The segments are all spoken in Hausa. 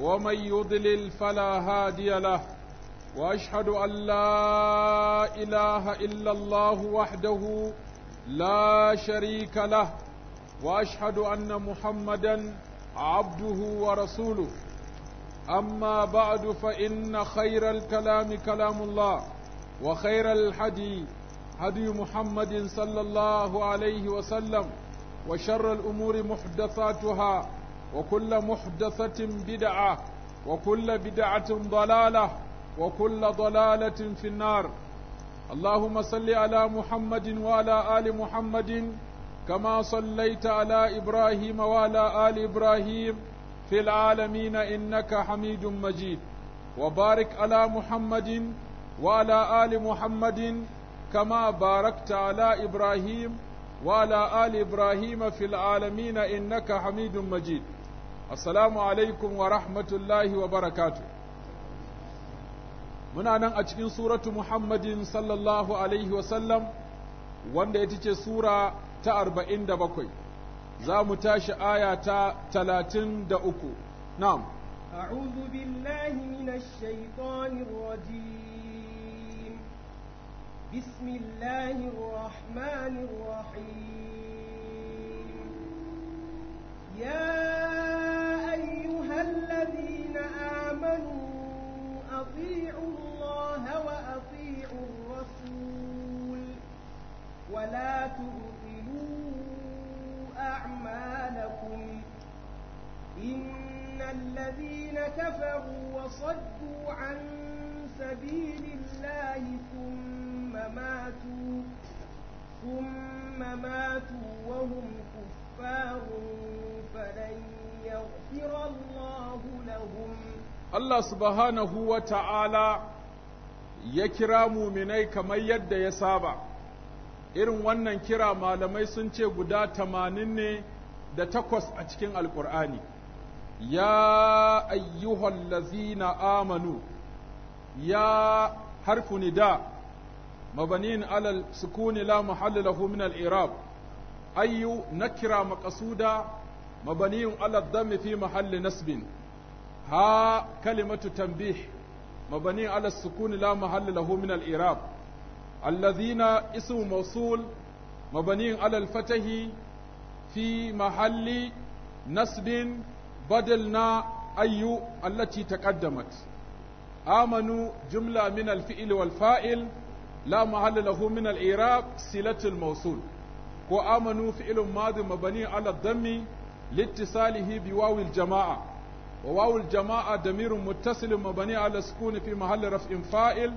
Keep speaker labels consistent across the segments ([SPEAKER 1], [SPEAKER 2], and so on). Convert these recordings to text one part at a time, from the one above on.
[SPEAKER 1] ومن يضلل فلا هادي له واشهد ان لا اله الا الله وحده لا شريك له واشهد ان محمدا عبده ورسوله اما بعد فان خير الكلام كلام الله وخير الحدي هدي محمد صلى الله عليه وسلم وشر الامور محدثاتها وكل محدثة بدعة وكل بدعة ضلالة وكل ضلالة في النار اللهم صل على محمد وعلى آل محمد كما صليت على إبراهيم وعلى آل إبراهيم في العالمين إنك حميد مجيد وبارك على محمد وعلى آل محمد كما باركت على إبراهيم وعلى آل إبراهيم في العالمين إنك حميد مجيد assalamu alaikum wa rahmatullahi wa barakatu muna nan a cikin suratu muhammadin sallallahu alaihi wasallam wanda ya ce sura ta arba'in da bakwai za mu tashi aya ta talatin da uku na'am
[SPEAKER 2] أعوذ بالله من الشيطان الرجيم بسم الله الرحمن الرحيم يا أيها الذين آمنوا أطيعوا الله وأطيعوا الرسول ولا تبطلوا أعمالكم إن الذين كفروا وصدوا عن سبيل الله ثم ماتوا ثم ماتوا وهم كفار
[SPEAKER 1] Allah subhanahu wa ta’ala ya kira muminai kamar yadda ya saba irin wannan kira malamai sun ce guda tamanin ne da takwas a cikin alkur'ani ya lazina amanu ya harfu da mabanin alal sukuni la mahalla lahu min al-i'rab hayyu nakira maqsuda mabaniyun ala dhammi fi mahalli nasbin ha kalimatu tanbih مبني على السكون لا محل له من الإعراب الذين اسم موصول مبني على الفتح في محل نسب بدلنا أي التي تقدمت آمنوا جملة من الفئل والفائل لا محل له من الإعراب صلة الموصول ko amanu fi'ilun madin mabani ala dammi littisalihi bi wawil jama'a wa wawil jama'a damirun muttasilun mabani ala sukuni fi mahalli raf'in fa'il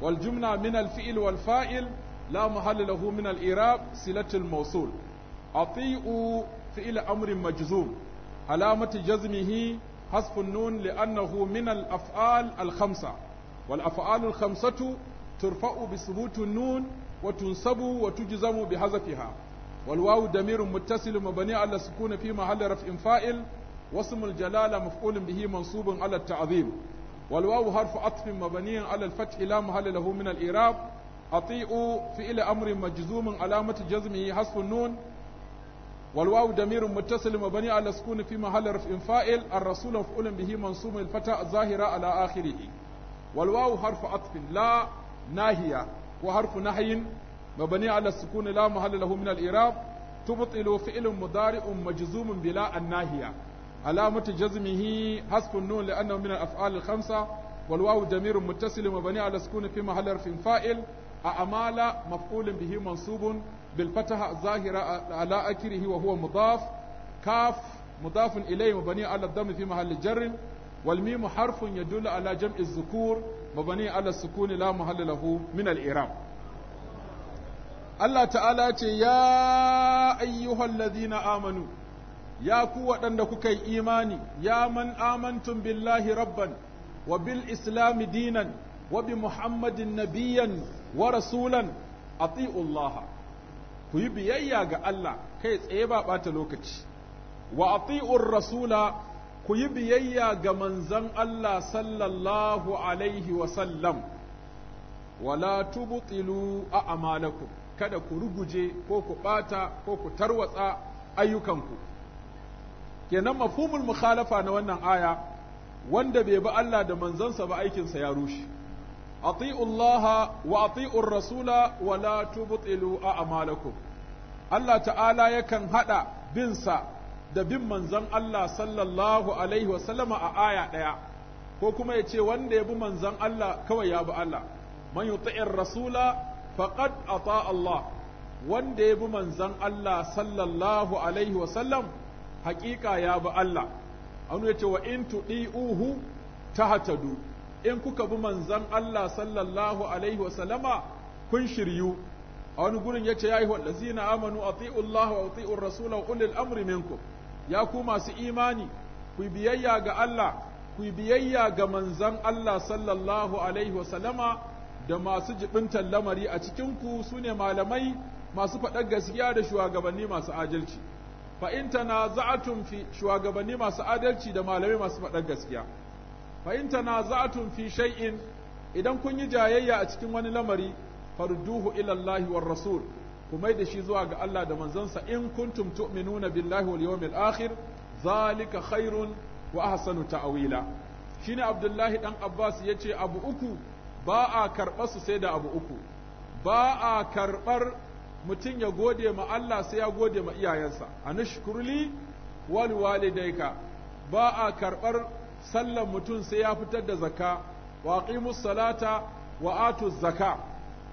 [SPEAKER 1] wal jumla min al fi'il wal fa'il la mahalla lahu min al i'rab silatul mawsul ati'u fi'il amrin majzum alamati jazmihi حذف النون لأنه من الأفعال الخمسة والأفعال الخمسة ترفع بثبوت النون وتنسب وتجزم بحذفها والواو ضمير متصل مبني على السكون في محل رفع فاعل واسم الجلالة مفعول به منصوب على التعظيم والواو حرف عطف مبني على الفتح لا محل له من الإعراب أطيعوا فعل أمر مجزوم علامة جزمه حذف النون والواو ضمير متصل مبني على السكون في محل رفع فاعل الرسول مفعول به منصوب الفتى الظاهرة على آخره والواو حرف عطف لا ناهية وحرف نهي مبني على السكون لا محل له من الإعراب تبطل فعل مضارع مجزوم بلا الناهية علامة جزمه حذف النون لأنه من الأفعال الخمسة والواو ضمير متصل مبني على السكون في محل رفع فاعل أعمال مفعول به منصوب بالفتحة الظاهرة على أكره وهو مضاف كاف مضاف إليه مبني على الضم في محل جر والميم حرف يدل على جمع الذكور مبني على السكون لا محل له من الإعراب Allah ta'ala ce ya ayyuhal ladhina amanu ya ku waɗanda kuka yi imani ya man amantun billahi rabban wa bil islami dinan wa bi muhammadin nabiyan wa rasulan ati'ullaha ku yi biyayya ga Allah kai tsaye ba ɓata lokaci wa ati'ur rasula ku yi biyayya ga manzon Allah sallallahu alaihi wa sallam wala a a'malakum kada ku ruguje ko ku ɓata ko ku tarwatsa ayyukanku kenan mafhumul mukhalafa na wannan aya wanda bai bi Allah da manzansa ba aikinsa ya rushe ati'u Allah wa ati'u rasula wa la tubtilu a'malakum Allah ta'ala yakan hada bin sa da bin manzon Allah sallallahu alaihi wa sallama a aya daya ko kuma yace wanda ya bi manzon Allah kawai ya bi Allah man yuti'ir rasula faqad ata Allah wanda ya bi manzon Allah sallallahu alaihi wasallam haƙiƙa ya bi Allah an yace wa in tudiuhu tahtadu in kuka bi manzon Allah sallallahu alaihi wasallama kun shiryu a wani gurin yace yayi wallazina amanu ati'u Allah wa ati'u rasul wa ulil amri minkum ya ku masu imani ku biyayya ga Allah ku biyayya ga manzon Allah sallallahu alaihi wasallama da masu jibintar lamari a cikinku su ne malamai masu faɗar gaskiya da shugabanni masu adalci fa in tanaza'atum fi shugabanni masu adalci da malamai masu faɗar gaskiya fa in za'a fi shay'in idan kun yi jayayya a cikin wani lamari farduhu ila Allah war rasul ku mai da shi zuwa ga Allah da manzansa in kuntum tu'minuna billahi wal yawmil akhir zalika khairun wa ahsanu ta'wila shine Abdullahi dan Abbas yace abu uku ba a karɓar su sai da abu uku ba a karɓar mutum ya gode ma Allah sai ya gode ma iyayensa a anashkurli wal ka. ba a karɓar sallan mutum sai ya fitar da zaka, wa aqimus salata wa atuz zakka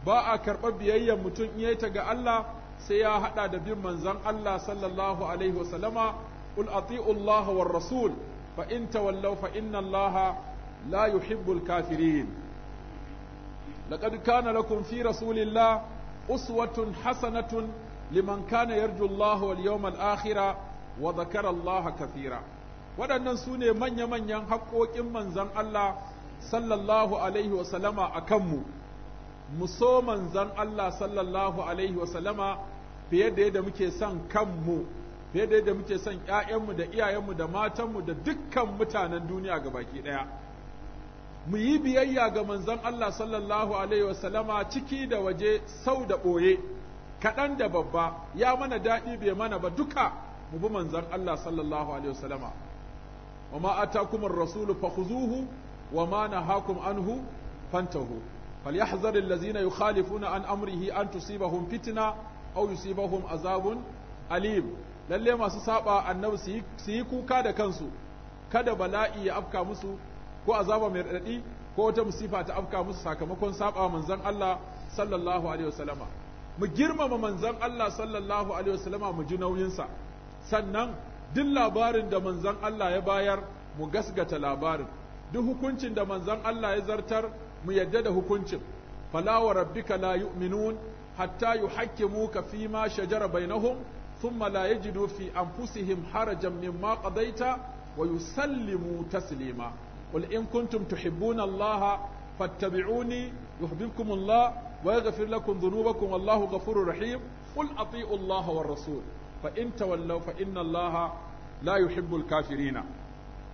[SPEAKER 1] ba a karɓar biyayyen mutum in yayi ta ga Allah sai ya haɗa da bin manzon Allah sallallahu alaihi wasallama qul ati'u Allah war rasul fa in tawallaw fa inna Allah la yuhibbul kafirin laqad kana lakum fi rasulillah uswatun hasanatun liman kana yarju Allah wal akhira wa dhakara waɗannan su ne manya-manyan haƙoƙin manzan Allah sallallahu alaihi wasallama a kanmu mu so manzan Allah sallallahu alaihi wasallama fiye da yadda muke son kanmu fiye da yadda muke son ‘ya'yanmu da iyayenmu da matanmu da dukkan mutanen duniya ga baki ɗaya. mu yi biyayya ga manzon Allah sallallahu alaihi wasallama ciki da waje sau da ɓoye kaɗan da babba ya mana daɗi bai mana ba duka mu bi manzon Allah sallallahu alaihi wasallama wa ma atakum ar-rasul fakhuzuhu wa ma nahakum anhu fantahu falyahzar allazina yukhalifuna an amrihi an tusibahum fitna aw yusibahum azabun alim lalle masu saba annabi su yi kuka da kansu kada bala'i ya afka musu ko azaba mai raɗaɗi ko wata musifa ta afka musu sakamakon saba manzon Allah sallallahu alaihi wasallama mu girmama manzon Allah sallallahu alaihi wasallama mu ji nauyinsa sannan duk labarin da manzon Allah ya bayar mu gasgata labarin duk hukuncin da manzon Allah ya zartar mu yadda da hukuncin fala wa rabbika la yu'minun hatta yuhakkimuka fi ma shajara bainahum thumma la yajidu fi anfusihim harajan mimma qadaita wa yusallimu taslima qul in kuntum tuhibbuna Allah fattabi'uni yuhibbukum Allah wa yaghfir lakum dhunubakum wallahu ghafurur rahim qul ati'u Allah war rasul fa in tawallaw fa inna Allah kafirina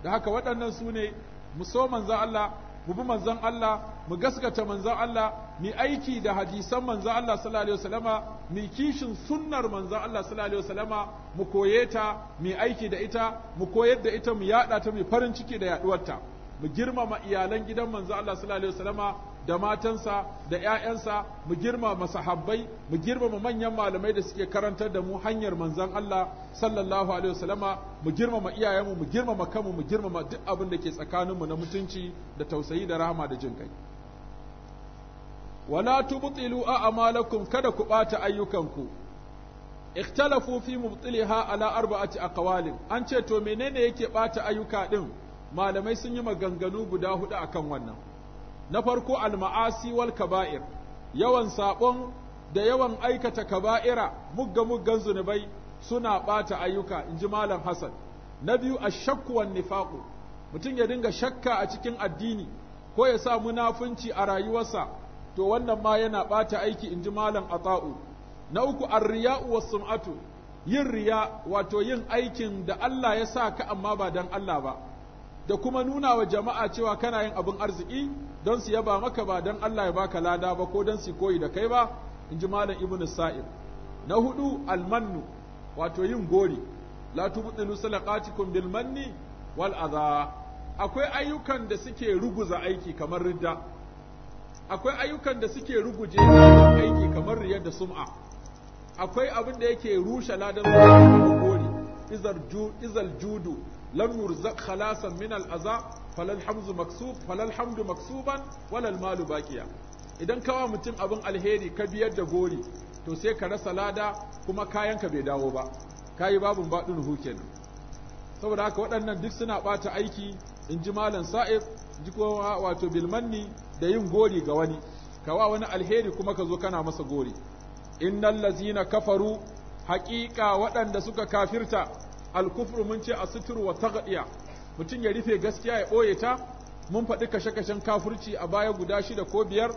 [SPEAKER 1] da haka waɗannan su ne mu so manzan Allah mu bi manzan Allah mu gaskata manzan Allah mu aiki da hadisan manzan Allah sallallahu alaihi wasallama mu kishin sunnar manzan Allah sallallahu alaihi wasallama mu koye ta mu aiki da ita mu koyar da ita mu yada ta mu farin ciki da yaduwar ta mu girmama iyalan gidan manzo Allah sallallahu alaihi wasallama da matansa da ƴaƴansa mu girmama sahabbai mu girmama manyan malamai da suke karantar da mu hanyar manzon Allah sallallahu alaihi wasallama mu girmama iyayenmu mu girmama kanmu mu girmama duk abin da ke tsakaninmu na mutunci da tausayi da rahama da jin kai wala tubtilu a'malakum kada ku bata ayyukanku ikhtalafu fi mubtiliha ala arba'ati aqwalin an ce to menene yake bata ayyuka din malamai sun yi maganganu guda hudu a kan wannan na farko alma'asi wal kaba'ir yawan saɓon, da yawan aikata kaba'ira mugga muggan zunubai suna ɓata ayyuka In ji malam Hassan na biyu a shakkuwan nifaqu mutum ya dinga shakka a cikin addini ko ya sa munafunci a rayuwarsa to wannan ma yana ɓata aiki In ji malam Ata'u na uku arriya'u was sum'atu yin riya wato yin aikin da Allah ya sa ka amma ba dan Allah ba da kuma nuna wa jama'a cewa kana yin abin arziki don su yaba maka ba don Allah ya baka lada ba ko don su koyi da kai ba in ji malam ibnu sa'id na hudu almannu wato yin gori la tubdilu salaqatikum bil manni wal adha akwai ayyukan da suke ruguza aiki kamar ridda akwai ayyukan da suke ruguje aiki kamar riyar da sum'a akwai abin da yake rushe ladan gori izal judu lam yurzaq khalasan min al'aza falal hamdu maksuban walal malu baqiya idan kawa mutum abin alheri ka biyar da gori to sai ka rasa lada kuma kayanka bai dawo ba kayi babun baɗin ruhu kenan saboda haka waɗannan duk suna ɓata aiki in ji malam sa'ib ji kuma wato bilmanni da yin gori ga wani kawa wani alheri kuma ka zo kana masa gori innal lazina kafaru haƙiƙa waɗanda suka kafirta alkufru mun ce asitru wa taghdiya mutum ya rufe gaskiya ya ɓoye ta mun faɗi kashe-kashen kafurci a baya guda shida ko biyar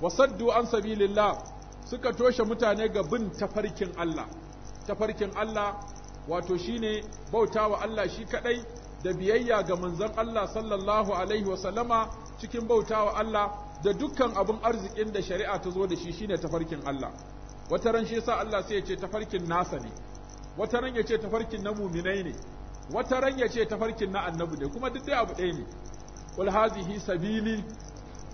[SPEAKER 1] wa saddu an sabilillah suka toshe mutane ga bin tafarkin Allah tafarkin Allah wato shine bautawa Allah shi kadai da biyayya ga manzon Allah sallallahu alaihi wa sallama cikin bautawa Allah da dukkan abun arzikin da shari'a ta zo da shi shine tafarkin Allah wata ran shi yasa Allah sai ya ce tafarkin nasa ne wata ran ya tafarkin na muminai ne wata ran ya tafarkin na annabi ne kuma duk dai abu ɗaya ne qul hazihi sabili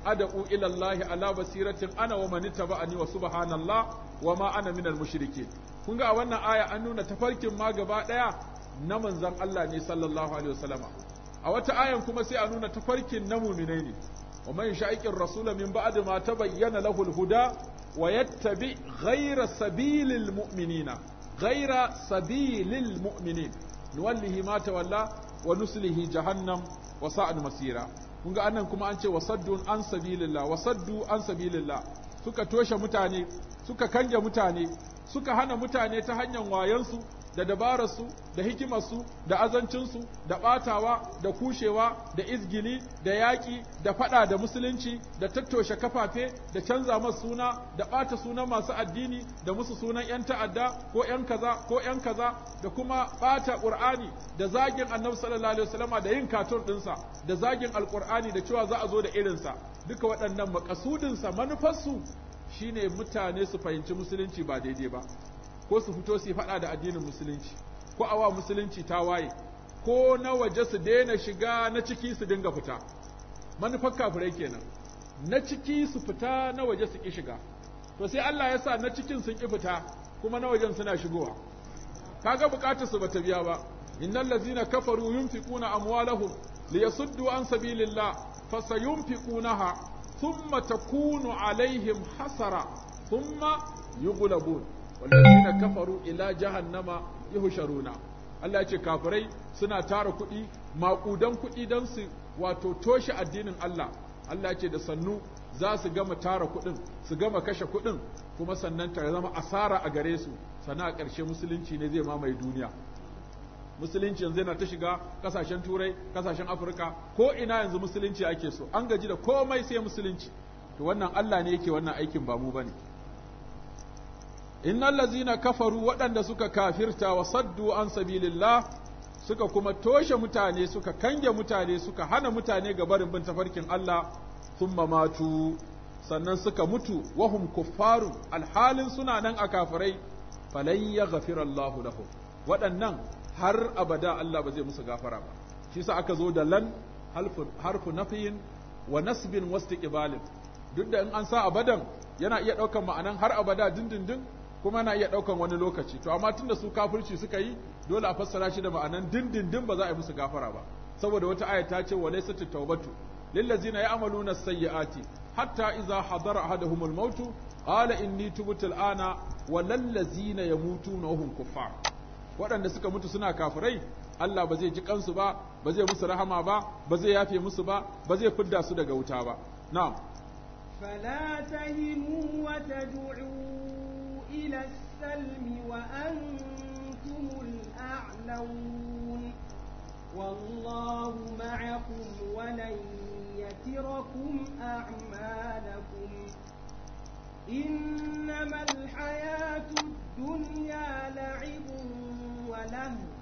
[SPEAKER 1] ad'u ila allahi ala basiratin ana wa man ittaba'ani wa subhanallah wa ma ana minal mushrikeen kun ga a wannan aya an nuna tafarkin ma gaba ɗaya na manzon Allah ne sallallahu alaihi wasallama a wata ayan kuma sai a nuna tafarkin na muminai ne wa man sha'iqir rasul min ba'd ma tabayyana lahu al-huda wa yattabi ghayra sabilil mu'minina ghaira sabilil mu'minin nuwallihi ma tawalla wa nuslihi jahannam wa sa'ad masira kun ga annan kuma an ce wasaddu an sabilillah wasaddu an sabilillah suka toshe mutane suka kanja mutane suka hana mutane ta hanyar wayansu da dabararsu da hikimarsu da azancinsu da ɓatawa da kushewa da izgili da yaƙi da faɗa da musulunci da tattoshe kafafe da canza masu suna da ɓata sunan masu addini da musu sunan 'yan ta'adda ko 'yan kaza ko 'yan kaza da kuma ɓata ƙur'ani da zagin annabi sallallahu alaihi wasallama da yin katun ɗinsa da zagin alƙur'ani da cewa za a zo da irinsa duka waɗannan maƙasudinsa manufarsu shine mutane su fahimci musulunci ba daidai ba ko su fito su faɗa da addinin musulunci ko awa musulunci ta waye ko na waje su daina shiga na ciki su dinga fita manufar kafirai kenan na ciki su fita na waje su ki shiga to sai Allah ya sa na cikin sun ki fita kuma na wajen suna shigowa kaga bukatar su bata biya ba innal ladzina kafaru yunfiquna amwalahum liyasuddu an sabilillah fasayunfiqunaha thumma takunu alaihim hasara thumma yughlabun wallazina kafaru ila jahannama yuhsharuna Allah ya ce kafirai suna tara kuɗi maƙudan kuɗi don su wato toshe addinin Allah Allah ce da sannu za su gama tara kuɗin su gama kashe kuɗin kuma sannan ta zama asara a gare su sana a ƙarshe musulunci ne zai mamaye duniya musulunci yanzu yana ta shiga ƙasashen turai ƙasashen afirka ko ina yanzu musulunci ake so an gaji da komai sai musulunci to wannan Allah ne yake wannan aikin ba mu bane innal lazina kafaru waɗanda suka kafirta wa saddu an sabilillah suka kuma toshe mutane suka kange mutane suka hana mutane ga barin bin tafarkin Allah sun matu sannan suka mutu wahum kuffaru alhalin suna nan a kafirai falan yaghfira Allah lahum waɗannan har abada Allah ba zai musu gafara ba shi sa aka zo da lan harfu nafiyin wa nasbin wastiqbalin duk da in an sa abadan yana iya ɗaukar ma'anan har abada dindindin kuma na iya ɗaukan wani lokaci to amma tunda su kafirci suka yi dole a fassara shi da ma'anan dindindin ba za a yi musu gafara ba saboda wata aya ta ce walai sati taubatu lillazina ya'maluna sayyi'ati hatta idza hadara ahaduhumul mautu qala inni tubtu al'ana walallazina yamutuna hum kuffar waɗanda suka mutu suna kafirai Allah ba zai ji kansu ba ba zai musu rahama ba ba zai yafe musu ba ba zai fidda su daga wuta ba na'am
[SPEAKER 2] fala tahimu wa tad'u إلى السلم وأنتم الأعلون والله معكم ولن يتركم أعمالكم إنما الحياة الدنيا لعب ولهو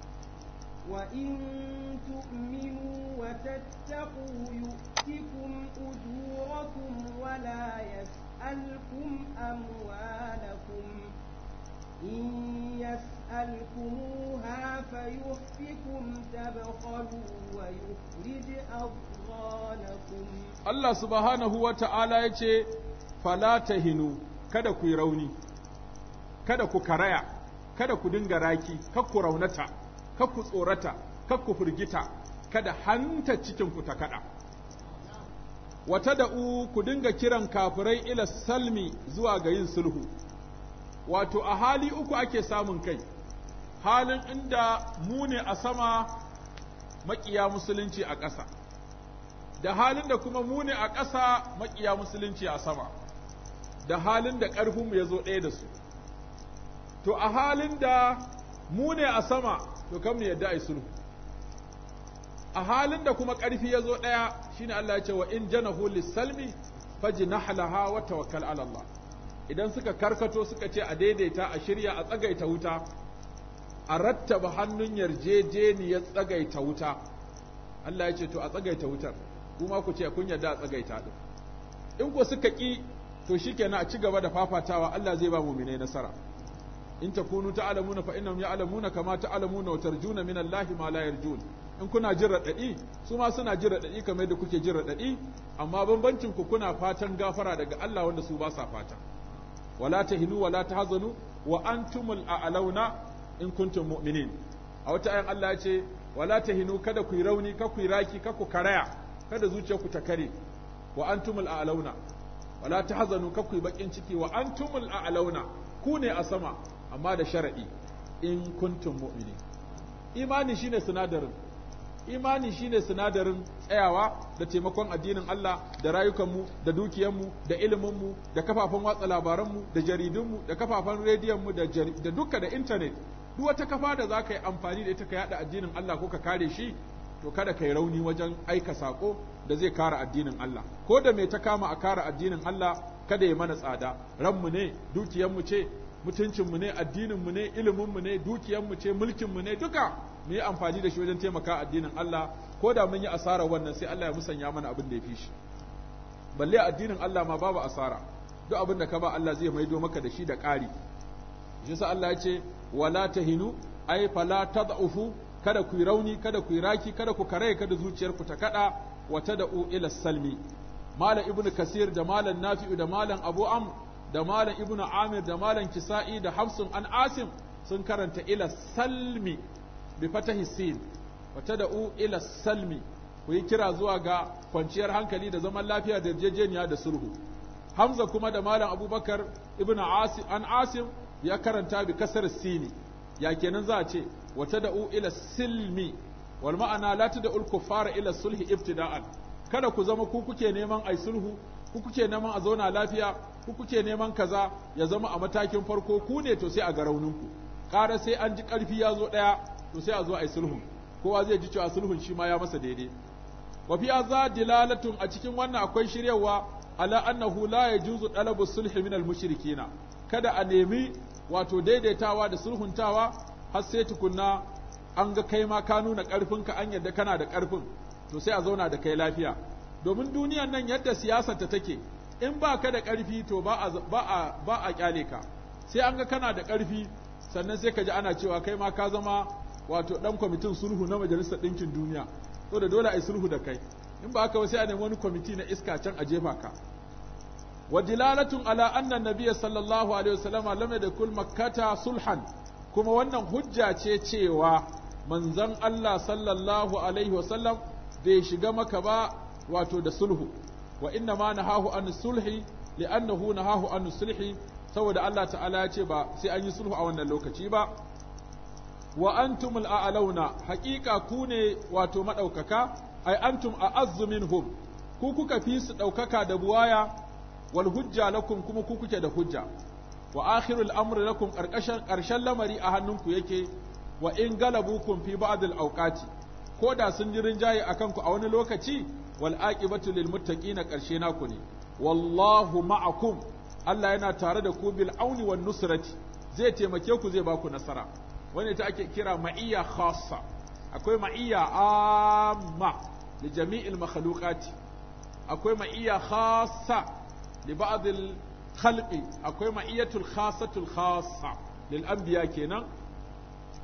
[SPEAKER 2] وإن تؤمنوا وتتقوا يؤتكم أجوركم ولا يسألكم أموالكم إن يسألكموها فيحفكم تبخلوا ويخرج أضغانكم
[SPEAKER 1] الله سبحانه وتعالى يتي فلا تهنوا kada ku yi rauni kada ku karaya kada ku dinga raki kakku raunata kakku tsorata kakku firgita kada hanta cikinku ta kada wata da u ku dinga kiran kafirai ila salmi zuwa ga yin sulhu wato a hali uku ake samun kai halin inda mu ne a sama maƙiya musulunci a ƙasa da halin da kuma mu ne a ƙasa maƙiya musulunci a sama da halin da ƙarfinmu ya zo ɗaya da su to a halin da mu ne a sama to kam ne yadda ai sulhu a halin da kuma ƙarfi ya zo ɗaya shine Allah ya ce wa in janahu lisalmi salmi fajnahlaha wa tawakkal ala Allah idan suka karkato suka ce a daidaita a shirya a tsagaita wuta a rattaba hannun yarjejeniyar tsagaita wuta Allah ya ce to a tsagaita wutar kuma ku ce kun yarda a tsagaita din in ko suka ki to shikenan a ci gaba da fafatawa Allah zai ba mu'minai nasara in takunu ta'lamuna fa innahum ya'lamuna kama ta'lamuna wa tarjuna min Allahi ma la yarjun in kuna jin raɗaɗi su ma suna jin raɗaɗi kamar da kuke jin raɗaɗi amma bambancin ku kuna fatan gafara daga Allah wanda su ba sa fata wala tahinu wala tahzanu wa antumul a'launa in kuntum mu'minin a wata ayan Allah ya ce wala tahinu kada ku yi rauni ka ku yi raki ka ku karaya kada zuciyarku ta kare wa antumul a'launa wala tahzanu ka ku yi bakin ciki wa antumul a'launa ku ne a sama amma da shar'i in kuntum mu'mini imani shine sinadarin imani shine sinadarin tsayawa da taimakon addinin Allah da rayukanmu da dukiyanmu da iliminmu da kafafen watsa labaranmu da jaridunmu da kafafen rediyonmu da da duka da internet duk wata kafa da zaka yi amfani da ita ka yada addinin Allah ko ka kare shi to kada kai rauni wajen aika sako da zai kare addinin Allah ko da me ta kama a kare addinin Allah kada ya mana tsada ranmu ne dukiyarmu ce mutuncinmu ne addininmu ne iliminmu ne dukiyanmu ce mulkinmu ne duka mu yi amfani da shi wajen taimaka addinin Allah ko da mun yi asara wannan sai Allah ya musanya mana abin da ya fi shi balle addinin Allah ma babu asara duk abin da ka ba Allah zai maido maka da shi da ƙari shi sa Allah ya ce wala tahinu ay fala tad'ufu kada ku yi rauni kada ku yi raki kada ku kare kada zuciyar ku ta kada wata da ila salmi malam ibnu kasir da malam nafi'u da malam abu am da malam ibnu amir da malam kisa'i da hafsun an asim sun karanta ila salmi bi fatahi sin wa tad'u ila salmi ku yi kira zuwa ga kwanciyar hankali da zaman lafiya da yarjejeniya da sulhu hamza kuma da malam abubakar ibnu asim an asim ya karanta bi kasar Sin. ya kenan za a ce wa tad'u ila silmi wal ma'ana la tad'u kuffara ila sulhi ibtida'an kada ku zama ku kuke neman ai sulhu ku kuke neman a zauna lafiya ku kuke neman kaza ya zama a matakin farko ku ne to sai a ga rauninku ƙara sai an ji ƙarfi ya zo ɗaya to sai a zo a yi sulhun kowa zai ji cewa sulhun shi ma ya masa daidai wa fi hadha dilalatun a cikin wannan akwai shiryawa ala annahu la yajuzu talabu sulhi min mushrikina kada a nemi wato daidaitawa da sulhuntawa har sai tukunna an ga kai ma ka nuna ƙarfinka an yadda kana da ƙarfin to sai a zauna da kai lafiya domin duniyan nan yadda siyasar ta take in ba ka da ƙarfi to ba a ƙyale ka sai an ga kana da ƙarfi sannan sai ka ji ana cewa kai ma ka zama wato ɗan kwamitin sulhu na majalisar ɗinkin duniya to da dole a yi sulhu da kai in ba ka ba sai a nemi wani kwamiti na iska can a jefa ka wa dilalatun ala anna nabiyya sallallahu alaihi wasallam lam yadkhul makkata sulhan kuma wannan hujja ce cewa manzon Allah sallallahu alaihi wasallam bai shiga maka ba wato da sulhu wa inna ma nahahu an sulhi annahu nahahu an sulhi saboda Allah ta'ala ya ce ba sai an yi sulhu a wannan lokaci ba wa antumul a'launa haqiqa ku ne wato madaukaka ai antum a'azzu minhum ku kuka fi su daukaka da buwaya wal hujja lakum kuma ku kuke da hujja wa akhirul amri lakum karkashin karshen lamari a hannunku yake wa in galabukum fi ba'd al awqati ko da sun ji rinjaye akan ku a wani lokaci wal'aƙibatu aqibatu lil na ƙarshe naku ne wallahu ma'akum Allah yana tare da ku bil auni wa nusrati zai taimake ku zai baku nasara wani ta ake kira ma'iyya khassa akwai ma'iyya amma li jami'il makhluqati akwai ma'iyya khassa li ba'd al akwai ma'iyyatul khassatul khassa lil anbiya kenan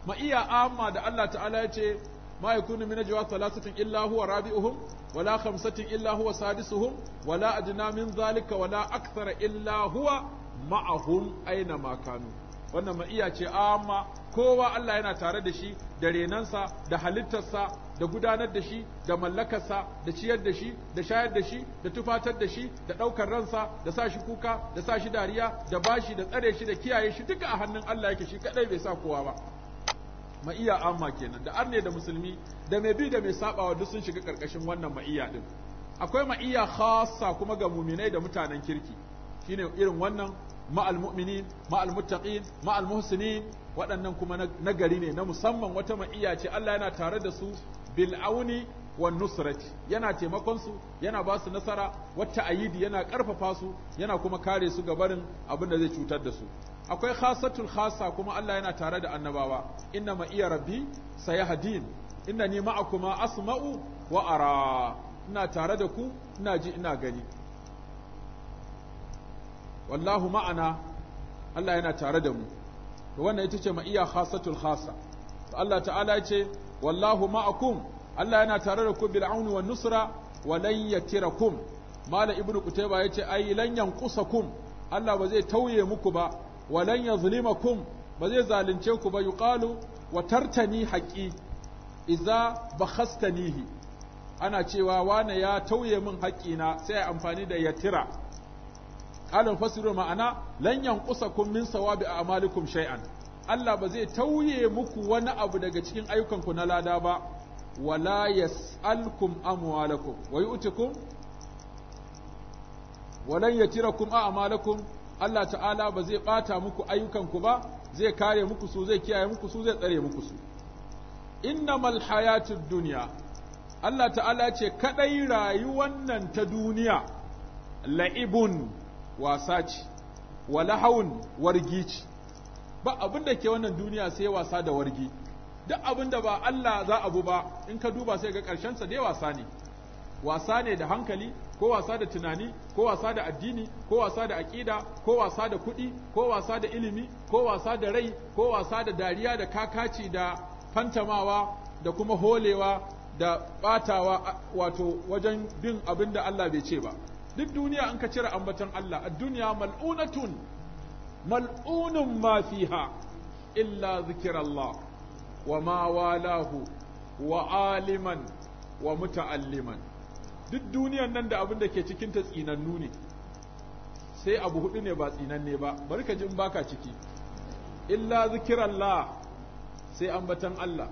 [SPEAKER 1] ma'iyya amma da Allah ta'ala ya ce ما يكون من najwa thalathatin illa هو رابعهم wala khamsatin illa هو سادسهم wala adna من zalika wala aksara illa هو معهم aina كانوا wannan ma'iya ce amma kowa Allah yana tare da shi da renansa da halittarsa da gudanar da shi da mallakarsa da ciyar da shi da shayar da shi da tufatar da shi da ɗaukar ransa da sa shi kuka da sa shi dariya da bashi da tsare shi da kiyaye shi duka a hannun Allah yake shi kadai bai sa kowa ba ma'iya amma kenan da arne da musulmi da mai bi da mai sabawa duk sun shiga karkashin wannan ma'iya din akwai ma'iya khassa kuma ga muminai da mutanen kirki shine irin wannan ma'al mu'minin ma'al muttaqin ma'al muhsinin waɗannan kuma na gari ne na musamman wata ma'iya ce Allah yana tare da su bil auni wan nusrati yana taimakon su yana ba su nasara wata ayidi yana karfafa su yana kuma kare su ga barin abin da zai cutar da su akwai khasatul khasa kuma Allah yana tare da annabawa inna ma iya rabbi sayahdin inna ni ma'akuma asma'u wa ara ina tare da ku ina ji ina gani wallahu ma'ana Allah yana tare da mu to wannan ita ce ma iya khasatul khasa to Allah ta'ala ya ce wallahu ma'akum Allah yana tare da ku bil auni wan nusra wa lan yatirakum mala ibnu ya yace ai lan yanqusakum Allah ba zai tauye muku ba walan kum ba zai zalunce ku ba yuqalu wa tartani haqqi idza bakhastanihi ana cewa wane ya tauye min na sai amfani da yatira alin fasiru ma'ana lan yanqusakum min sawabi a'malikum shay'an Allah ba zai tauye muku wani abu daga cikin ku na lada ba wala yas'alkum amwalakum wa walan yatirakum a'malakum Allah ta'ala ba zai ɓata muku ayyukanku ba zai kare muku su zai kiyaye muku su zai tsare muku su innamal hayatud dunya Allah ta'ala ce kadai rayuwar nan ta duniya la'ibun wasa ce wa wargi ce ba abin da ke wannan duniya sai wasa da wargi duk abin da ba Allah za abu ba in ka duba sai ga sa dai wasa ne wasa ne da hankali ko wasa da tunani ko wasa da addini ko wasa da aƙida ko wasa da kuɗi ko wasa da ilimi ko wasa da rai ko wasa da dariya da kakaci da fantamawa da kuma holewa da batawa wato wajen bin abin da Allah bai ce ba duk duniya an ka cire ambaton Allah ad-dunya mal'unatun mal'unun ma fiha illa zikrallah wa ma walahu wa aliman wa muta'alliman duk duniyan nan da abin da ke cikin ta tsinannu ne sai abu hudu ne ba tsinanne ba bari ka jin baka ciki illa zikirallah sai ambatan Allah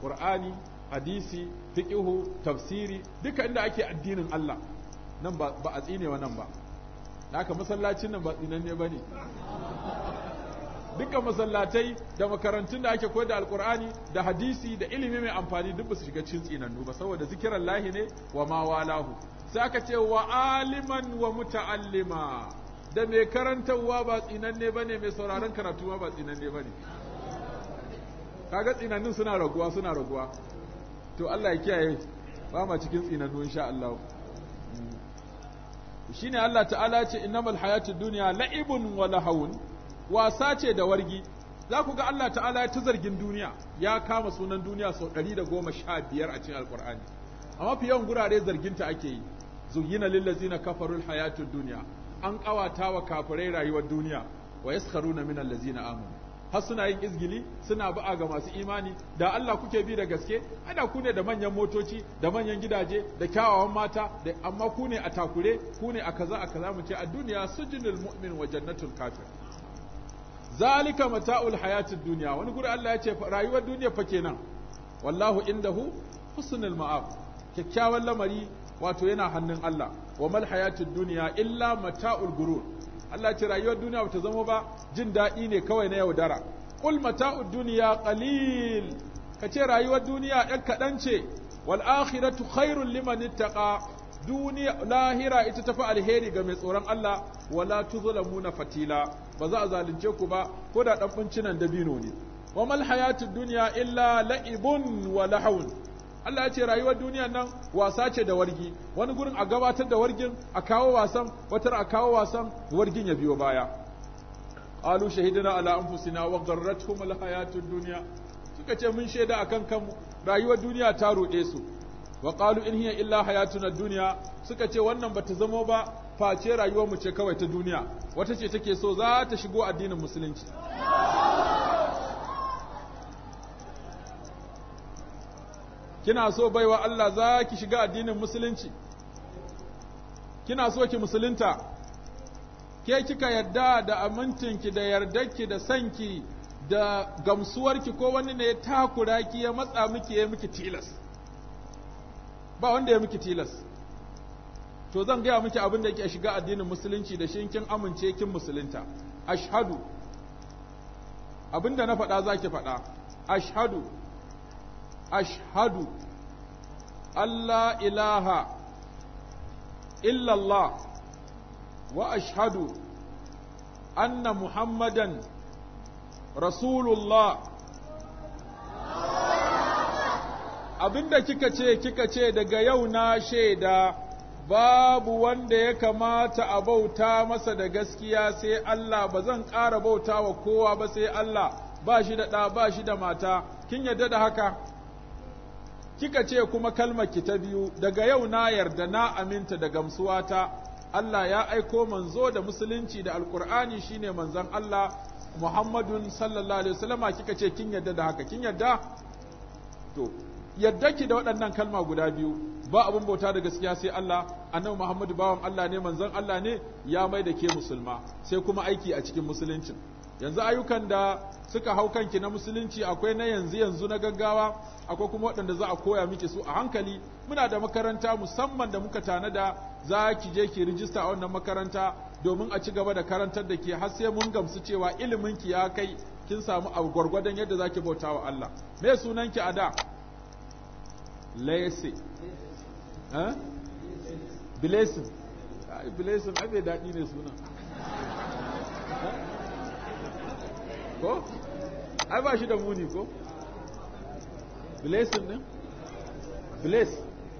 [SPEAKER 1] Qur'ani hadisi fiqhu tafsiri duka inda ake addinin Allah nan ba a tsine nan ba haka masallacin nan ba tsinanne bane dukkan masallatai da makarantun da ake koyar da alkur'ani da hadisi da ilimi mai amfani duk su shiga cikin tsinannu ba saboda zikiran lahi ne wa ma walahu sai aka ce wa aliman wa muta'allima da mai karantarwa ba tsinanne bane mai sauraron karatu ba tsinanne bane kaga tsinannin suna raguwa suna raguwa to Allah ya kiyaye ba ma cikin tsinannu insha Allah hmm. shine Allah ta'ala ce innamal hayatud dunya la'ibun wa lahawun wasa ce da wargi za ku ga Allah ta'ala ya ta zargin duniya ya kama sunan duniya sau ɗari da goma sha biyar a cikin alkur'ani amma fi yawan gurare zarginta ake yi zuyina lillazina kafarul hayatud duniya an ƙawata wa kafirai rayuwar duniya wa yaskharuna min allazina amanu har suna yin izgili suna ba'a ga masu imani da Allah kuke bi da gaske ana ku ne da manyan motoci da manyan gidaje da kyawawan mata da amma ku ne a takure ku ne a kaza a kaza mu ce a duniya sujudul mu'min wa jannatul kafir zalika mata'ul hayatid dunya wani guri Allah ya ce rayuwar duniya fa kenan wallahu indahu husnul ma'ab kyakkyawan lamari wato yana hannun Allah wa mal hayatid dunya illa mata'ul gurur Allah ce rayuwar duniya bata zama ba jin daɗi ne kawai na yaudara qul mata'ud dunya qalil kace rayuwar duniya ɗan kaɗan ce wal akhiratu khairul liman ittaqa duniya lahira ita tafi alheri ga mai tsoron Allah wala na fatila ba za a zalunce ku ba ko da dan bincinan dabino ne wa mal hayatud dunya illa la'ibun wa lahun Allah ya ce rayuwar duniya nan wasa ce da wargi wani gurin a gabatar da wargin a kawo wasan watar a kawo wasan wargin ya biyo baya qalu shahidna ala anfusina wa gharratuhum al hayatud dunya suka ce mun shaida akan kanmu rayuwar duniya ta ruɗe su wa qalu in hiya illa hayatuna dunya suka ce wannan bata zamo ba face rayuwar mu ce kawai ta duniya wata ce take so za ta shigo addinin musulunci kina so baiwa Allah za ki shiga addinin musulunci kina so ki musulunta ke kika yarda da amintinki da yardarki da sanki da gamsuwarki ko wani ne ya takura ki ya matsa miki ya miki tilas ba wanda ya miki tilas to zan gaya miki abin da yake shiga addinin musulunci da shi kin amince kin musulunta ashhadu abinda na faɗa zaki faɗa ashhadu ashhadu Allah ilaha illallah wa ashhadu anna muhammadan rasulullah abinda kika ce kika ce daga yau na shaida babu wanda ya kamata a bauta masa da gaskiya sai Allah ba zan ƙara bauta wa kowa ba sai Allah ba shi da ɗa ba shi da mata kin yadda da haka kika ce kuma kalmar ki ta biyu daga yau na yarda na aminta da gamsuwata Allah ya aiko manzo da musulunci da alkur'ani shine manzon Allah Muhammadun sallallahu alaihi wasallama kika ce kin yadda da haka kin yadda? to yadda ki da waɗannan kalma guda biyu ba abin bauta da gaskiya sai Allah annabi Muhammadu bawan Allah ne manzon Allah ne ya mai da ke musulma sai kuma aiki a cikin musulunci yanzu ayyukan da suka hau kanki na musulunci akwai na yanzu yanzu na gaggawa akwai kuma waɗanda za a koya miki su a hankali muna da makaranta musamman da muka tanada za ki je ki rijista a wannan makaranta domin a ci gaba da karantar da ke har sai mun gamsu cewa iliminki ya kai kin samu a gwargwadon yadda za ki bauta wa Allah me sunan ki a da laisi ha bilesin bilesin abin daɗi ne suna ko ai ba shi da muni ko bilesin ne biles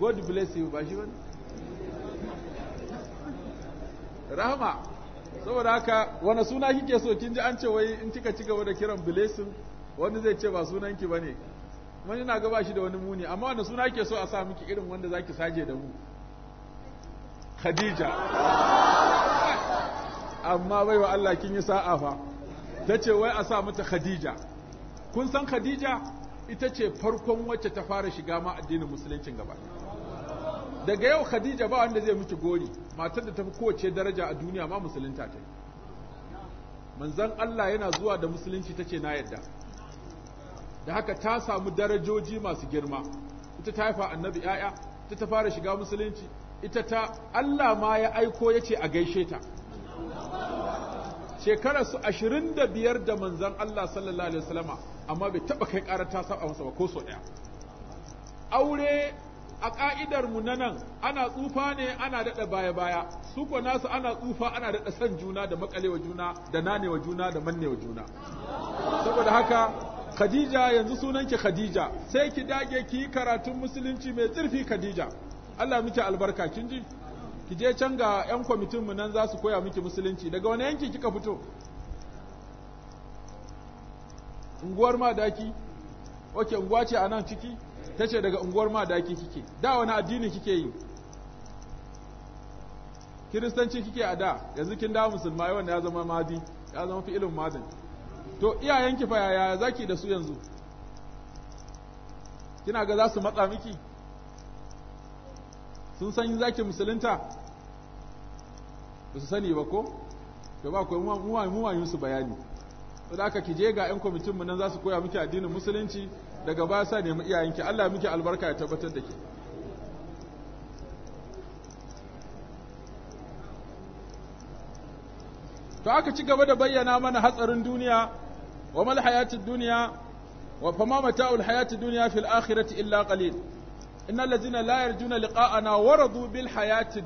[SPEAKER 1] god bless you ba shi ba rahama saboda haka wani suna kike so kin ji an ce wai in kika ci gaba da kiran bilesin wani zai ce ba sunanki ba ne wani na gaba shi da wani muni amma wanda suna ke so a sa miki irin wanda zaki saje da mu khadija amma baiwa Allah kin yi sa'a fa tace wai a sa mata khadija kun san khadija ita ce farkon wacce ta fara shiga ma addinin musulunci gaba daga yau khadija ba wanda zai miki gori matar da ta fi kowace daraja a duniya ma musulunta ta manzon Allah yana zuwa da musulunci tace na yadda da haka ta samu darajoji masu girma ita ta haifa annabi yaya ita ta fara shiga musulunci ita ta Allah ma ya aiko ya ce a gaishe ta shekara su ashirin da biyar manzan Allah sallallahu alaihi wasallama amma bai taba kai ƙara ta saba masa ba ko so ɗaya aure a ƙa'idar mu na nan ana tsufa ne ana daɗa baya baya su ko nasu ana tsufa ana daɗa san juna da makalewa juna da nanewa juna da mannewa juna saboda haka Khadija yanzu sunanki Khadija sai ki dage ki karatun musulunci mai tsirfi Khadija Allah miki albarka kin ji ki je can ga ƴan committee mu nan za su koya miki musulunci daga wani yanki kika fito unguwar madaki oke unguwa ce anan ciki tace daga unguwar madaki kike da wani addini kike yi kiristanci kike a da yanzu kin dawo musulmai wanda ya zama madi ya zama fi'ilin madani to iyayenki fa yaya zaki da su yanzu kina ga za su matsa miki sun san zaki musulunta ba su sani ba ko to ba kuwa muwayin su bayani da aka ki je ga 'yan kwamitin mu nan za su koya miki addinin musulunci daga ba sa nemi iyayenki Allah miki albarka ya tabbatar da ke to aka ci gaba da bayyana mana hatsarin duniya wa mal hayatid dunya wa fama mata'ul hayatid fil akhirati illa qalil innal ladzina la yarjuna liqa'ana waradu bil hayatid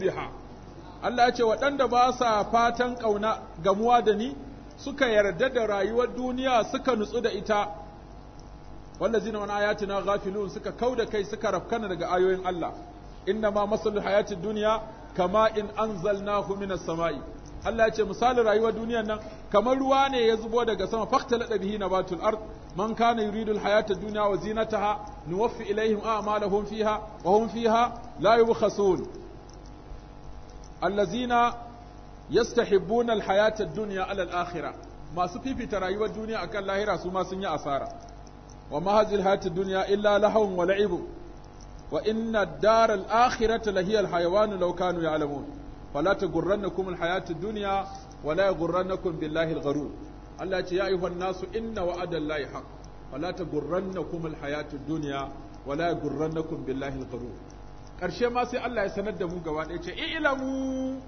[SPEAKER 1] biha Allah ya ce waɗanda ba sa fatan ƙauna gamuwa da ni suka yarda da rayuwar duniya suka nutsu da ita wallazina wan ayatina ghafilun suka kauda kai suka rafkana daga ayoyin Allah inna ma masalul hayatid duniya kama in anzalnahu minas sama'i Allah ya ce misalin rayuwar duniyar nan kamar ruwa ne ya zubo daga sama faktalada bihi nabatul ard man kana yuridu alhayata dunya wa zinataha nuwaffi ilaihim a'malahum fiha wa hum fiha la yubkhasun allazina yastahibbuna alhayata dunya ala al masu fifita rayuwar duniya akan lahira su ma sun yi asara wa mahazil hayatid dunya illa lahawun wa la'ibun wa inna ad-dara al-akhirata lahiya al-hayawan law kanu ya'lamun fala taghurrannakum alhayatu dunya wala yaghurrannakum billahi algharur Allah ce ya ayyuhan nasu inna wa'adallahi haqq fala taghurrannakum alhayatu dunya wala yaghurrannakum billahi algharur karshe ma sai Allah ya sanar da mu gaba ɗaya ce ilamu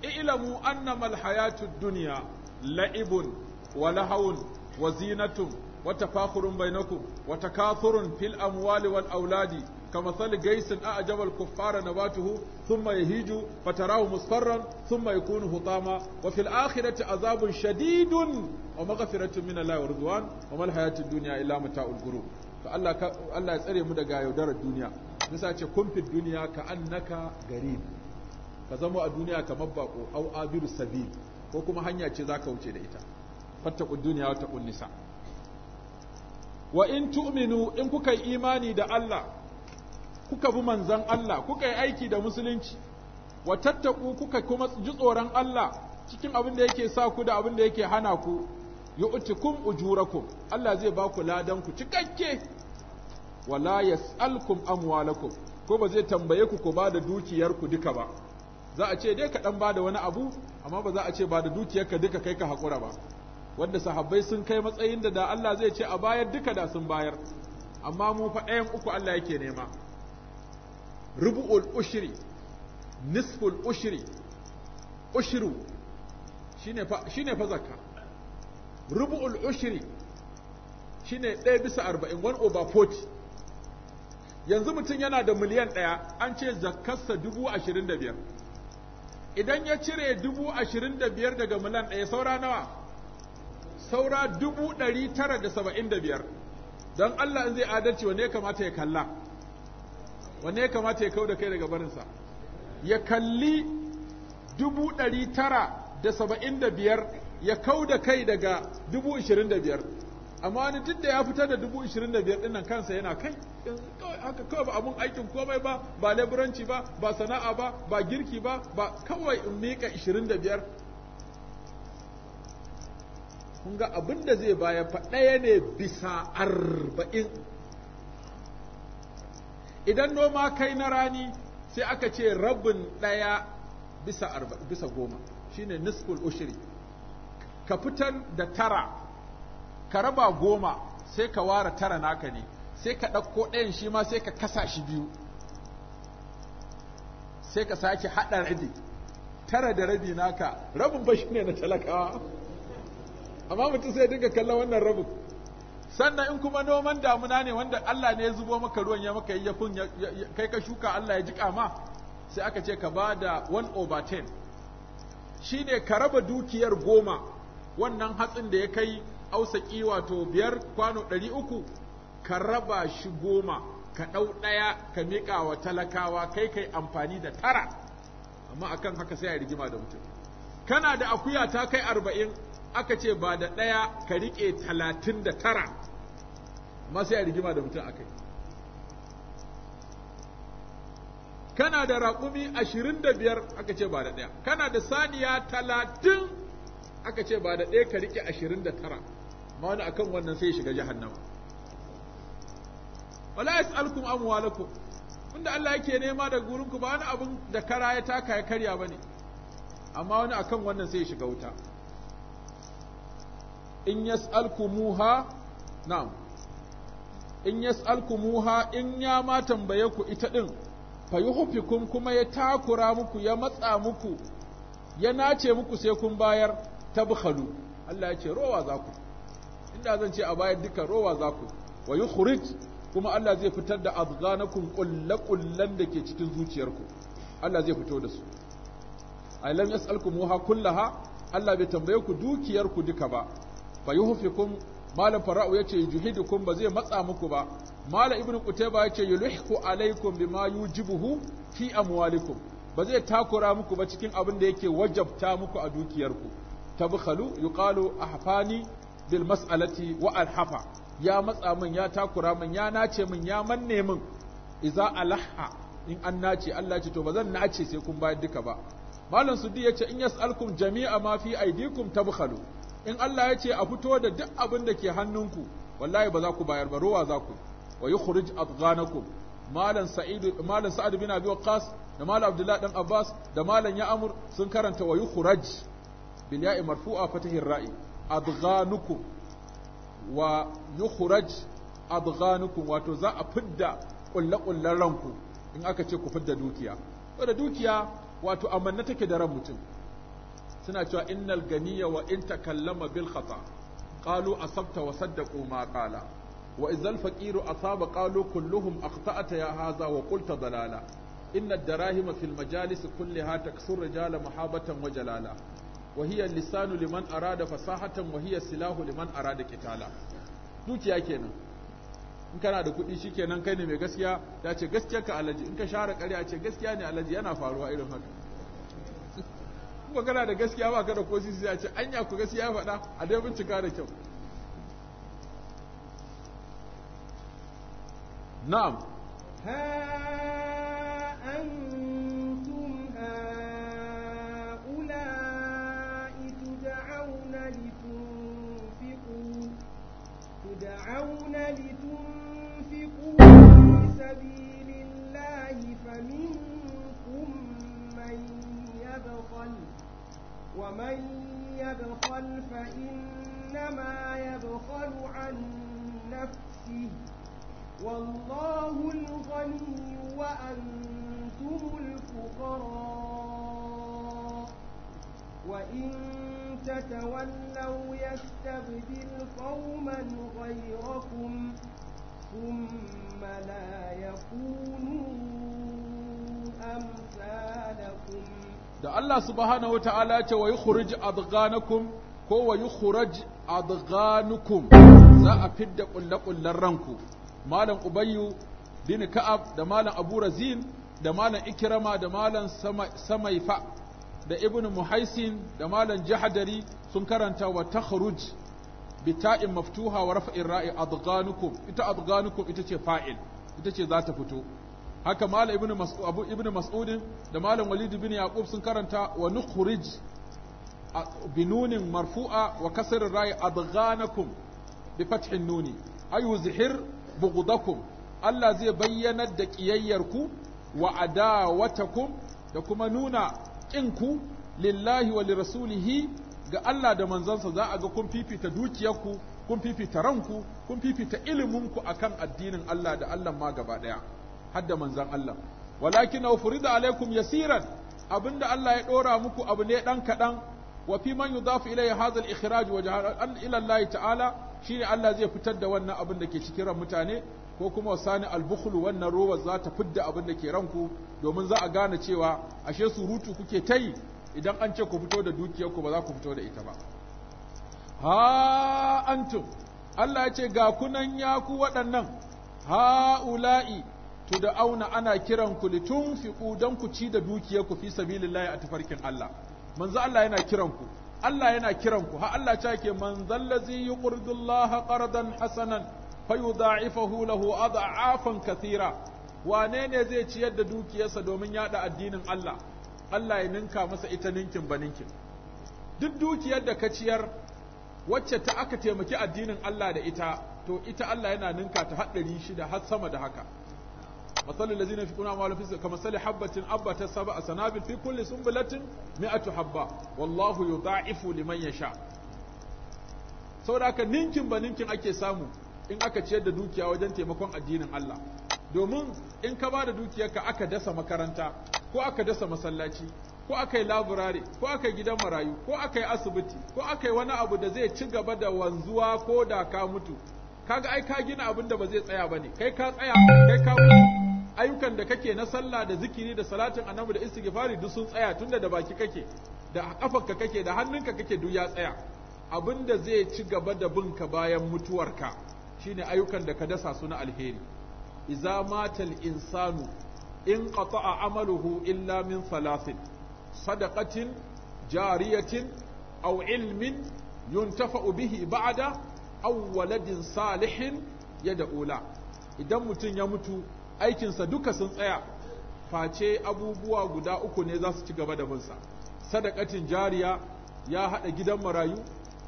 [SPEAKER 1] ilamu annama alhayatu dunya la'ibun wa lahawun wa zinatun wa tafakhurun bainakum wa takathurun fil amwali wal auladi كمثل جيس أعجب الكفار نباته ثم يهيج فتراه مصفرا ثم يكون هطاما وفي الآخرة عذاب شديد ومغفرة من الله ورضوان وما الحياة الدنيا إلا متاع الغرور فالله ك... الله يسأل مدى يودار الدنيا نسا كن في الدنيا كأنك غريب فزموا الدنيا كمباكو أو آبير السبيل وكما هنيا تشذاك وتشذيتا فاتقوا الدنيا واتقوا النساء wa in tu'minu in kuka yi imani da Allah kuka bi manzan Allah kuka yi aiki da musulunci wa tattaku kuka kuma ji tsoron Allah cikin abin da yake sa ku da abin da yake hana ku yu'tikum ujurakum Allah zai ba ku ladan ku cikakke wala yas'alkum amwalakum ko ba zai tambaye ku ku ba da dukiyar ku duka ba za a ce dai ka dan ba da wani abu amma ba za a ce ba da dukiyarka duka kai ka hakura ba wanda sahabbai sun kai matsayin da da Allah zai ce a bayar duka da sun bayar amma mu fa ɗayan uku Allah yake nema rubu'ul ushri نصف ushri ushru shine fa shine fa zakka shine bisa 40 1 over 40 yanzu mutum yana da miliyan 1 an ce zakarsa 25 idan ya cire biyar daga miliyan 1 saura nawa saura biyar. don Allah in zai adalci ya kamata ya kalla wanne ya kamata ya kau da kai daga barinsa ya kalli dubu ɗari tara da saba'in da biyar ya kau da kai daga dubu ishirin da biyar amma wani duk da ya fitar da dubu ishirin da biyar ɗinnan kansa yana kai haka kawai ba abin aikin komai ba ba leburanci ba ba sana'a ba ba girki ba ba kawai in miƙa ishirin da biyar kun ga abin da zai baya fa ɗaya ne bisa arba'in idan noma kai na rani sai aka ce rabin ɗaya bisa goma. bisa goma shine nisful ka fitar da tara ka raba goma sai ka ware tara naka ne sai ka ɗauko ɗayan shi ma sai ka kasa shi biyu sai ka sake haɗa rabi tara da rabi naka rabin ba shi ne na talakawa amma mutum sai dinga kalla wannan rabin sannan in kuma noman damuna ne wanda Allah ne ya zubo maka ruwan ya maka yayyafin kai ka shuka Allah ya jika ma sai aka ce ka ba da 1 over 10 shi ne ka raba dukiyar goma wannan hatsin da ya kai ausaki wato biyar kwano ɗari uku ka raba shi goma ka ɗau ɗaya ka miƙa wa talakawa kai kai amfani da tara amma akan haka sai a rigima da mutum kana da akuya ta kai arba'in aka ce ba da ɗaya ka riƙe talatin da tara amma sai a rigima da mutum akai kana da raƙumi ashirin da biyar aka ce ba da ɗaya kana da saniya talatin aka ce ba da ɗaya ka riƙe ashirin da tara amma wani akan wannan sai shiga jahannama wala tsalkun amwalakum inda Allah yake nema da gurinku ba wani abin da kara ya taka ya karya ba ne. amma wani akan wannan sai shiga wuta in yas'alkumuha na'am in yas'alkumuha in ya ma tambaye ku ita din yuhfikum kuma ya takura muku ya matsa muku ya nace muku sai kun bayar tabkhalu Allah ya ce rowa za ku inda zan ce a bayar duka rowa za ku wa yukhrij kuma Allah zai fitar da azganakum kullakullan da ke cikin zuciyarku Allah zai fito da su a lam yas'alkumuha kullaha Allah bai tambaye ku dukiyarku duka ba fa yuhfikum malam fara'u yace yujhidukum ba zai matsa muku ba malam ibnu qutayba yace yulhiqu alaikum bima yujibuhu fi amwalikum ba zai takura muku ba cikin abin da yake wajabta muku a dukiyarku tabkhalu yuqalu ahfani bil mas'alati wa alhafa ya matsa min ya takura min ya nace min ya manne min Iza alaha in an nace Allah ce to ba nace sai kun bayar duka ba malam sudi yace in yas'alkum jami'a ma fi aidikum tabkhalu in Allah ya ce a fito da duk abin da ke hannunku wallahi ba za ku bayar ba rowa za ku wa yukhrij adghanakum malan sa'id malan sa'ad bin abi waqas da malan abdullah dan abbas da malan ya'mur sun karanta wa yukhraj bil ya'i marfu'a fatahir ra'i adghanukum wa yukhraj adghanukum wato za a fidda kullakullan ranku in aka ce ku fidda dukiya to da dukiya wato amanna take da ran mutum suna cewa innal ganiya wa in takallama bil khata qalu asabta wa saddaqu ma qala wa idzal faqiru asaba qalu kulluhum akhta'ata ya hadha wa qulta dalala inna ad-darahim fil majalis kulliha taksur rijala muhabatan wa jalala wa hiya lisanu liman arada fasahatan wa hiya silahu liman arada qitala dukiya kenan in kana da kuɗi shikenan kai ne mai gaskiya Ya ce gaskiyarka alaji in ka share ƙarya ce gaskiya ne alaji yana faruwa irin haka kuma kana da gaskiya ba ka da ko sisi a ce anya ku gaskiya ya faɗa a dai bincika da kyau na'am ha antum
[SPEAKER 2] haula'i tud'auna litunfiqu tud'auna litunfiqu fi sabilillahi faminkum man yabqal ومن يبخل فإنما يبخل عن نفسه والله الغني وأنتم الفقراء وإن تتولوا يستبدل قوما غيركم ثم لا يكونوا أمثالكم
[SPEAKER 1] da Allah subhanahu wata'ala ce wa yukhrij adghanakum ko wa yukhrij adghanukum za a fidda kullakullan ranku malam ubayyu bin ka'ab da malam abu razin da malam ikrama da malam samaifa da ibnu muhaisin da malam jahadari sun karanta wa takhruj bita'in maftuha wa rafa'in ra'i adghanukum ita adghanukum ita ce fa'il ita ce za ta fito haka malam Ibn mas'ud abu mas'ud da malam walid ibn yaqub sun karanta wa nukhrij binunin marfu'a wa kasr ra'i adghanakum bi fathin nuni ayu zihir bughdakum Allah zai bayyanar da ƙiyayyarku wa adawatakum da kuma nuna ku, lillahi wa lirasulihi ga Allah da manzansa za a ga kun fifita dukiyarku kun fifita ranku kun fifita iliminku akan addinin Allah da Allah ma gaba ɗaya hadda manzan Allah walakin furida alaikum yasiran abinda Allah ya dora muku abu ne ɗan kaɗan, wa fi man yudafu ilayhi hadha al-ikhraj wa ila Allah ta'ala shine Allah zai fitar da wannan abin da ke cikin ran mutane ko kuma wasani al-bukhlu wannan ruwa za ta fidda abin da ke ranku domin za a gane cewa ashe surutu kuke tayi idan an ce ku fito da dukiyarku ba za ku fito da ita ba ha antum Allah ya ce ga kunan ya ku waɗannan Ula'i. to da auna ana kiran ku litun ku dan ku ci da dukiyarku ku fi sabilillahi a tafarkin Allah manzo Allah yana kiran ku Allah yana kiran ku ha Allah ta ke man zallazi yuqridullaha qardan hasanan fayudha'ifahu lahu ad'afan kathira wane ne zai ciyar da dukiyarsa domin yada addinin Allah Allah ya ninka masa ita ninkin ba duk dukiyar da ka ciyar wacce ta aka taimaki addinin Allah da ita to ita Allah yana ninka ta haɗari shida har sama da haka masalul lazina fi kuna malu fi kamasali habbatin abbata sab'a sanabil fi kulli Sumbulatin, mi'atu habba wallahu yudha'ifu liman sha saboda haka ninkin ba ninkin ake samu in aka ciyar da dukiya wajen taimakon addinin Allah domin in ka ba da dukiyarka aka dasa makaranta ko aka dasa masallaci ko aka yi laburare ko aka yi gidan marayu ko aka yi asibiti ko aka yi wani abu da zai ci gaba da wanzuwa ko da ka mutu kaga ai ka gina abin da ba zai tsaya bane kai ka tsaya kai ka ayyukan da kake na sallah da zikiri da salatin annabi da istighfari duk sun tsaya tunda da baki kake da ka kake da hannunka kake duk ya tsaya abin da zai ci gaba da bin ka bayan mutuwarka shine ayyukan da ka dasa su na alheri idza matal insanu in qata'a amaluhu illa min thalathin sadaqatin jariyatin aw ilmin yuntafa'u bihi ba'da awwaladin salihin ya da'ula idan mutum ya mutu aikinsa duka sun tsaya face abubuwa guda uku ne za su ci gaba da binsa sadakatin jariya ya haɗa gidan marayu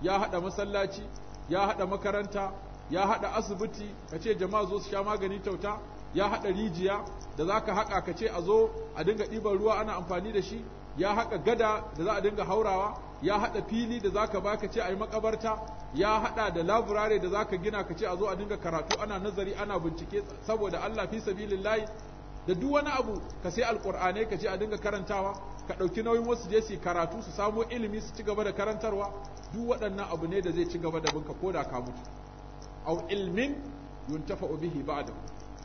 [SPEAKER 1] ya haɗa masallaci ya haɗa makaranta ya haɗa asibiti ka ce jama'a zo su sha magani tauta, ya haɗa rijiya da za ka haƙa ka ce a zo a dinga ɗiban ruwa ana amfani da shi ya haƙa gada da za a dinga haurawa ya haɗa fili da zaka ka ce a yi makabarta ya haɗa da laburare da za ka gina ka ce a zo a dinga karatu ana nazari ana bincike saboda Allah fi sabilillahi da duk wani abu ka sai alqur'ane ka ce a dinga karantawa ka ɗauki nauyin wasu je su karatu su samo ilimi su ci gaba da karantarwa duk waɗannan abu ne da zai ci gaba da binka koda ka mutu aw ilmin yuntafa bihi ba'da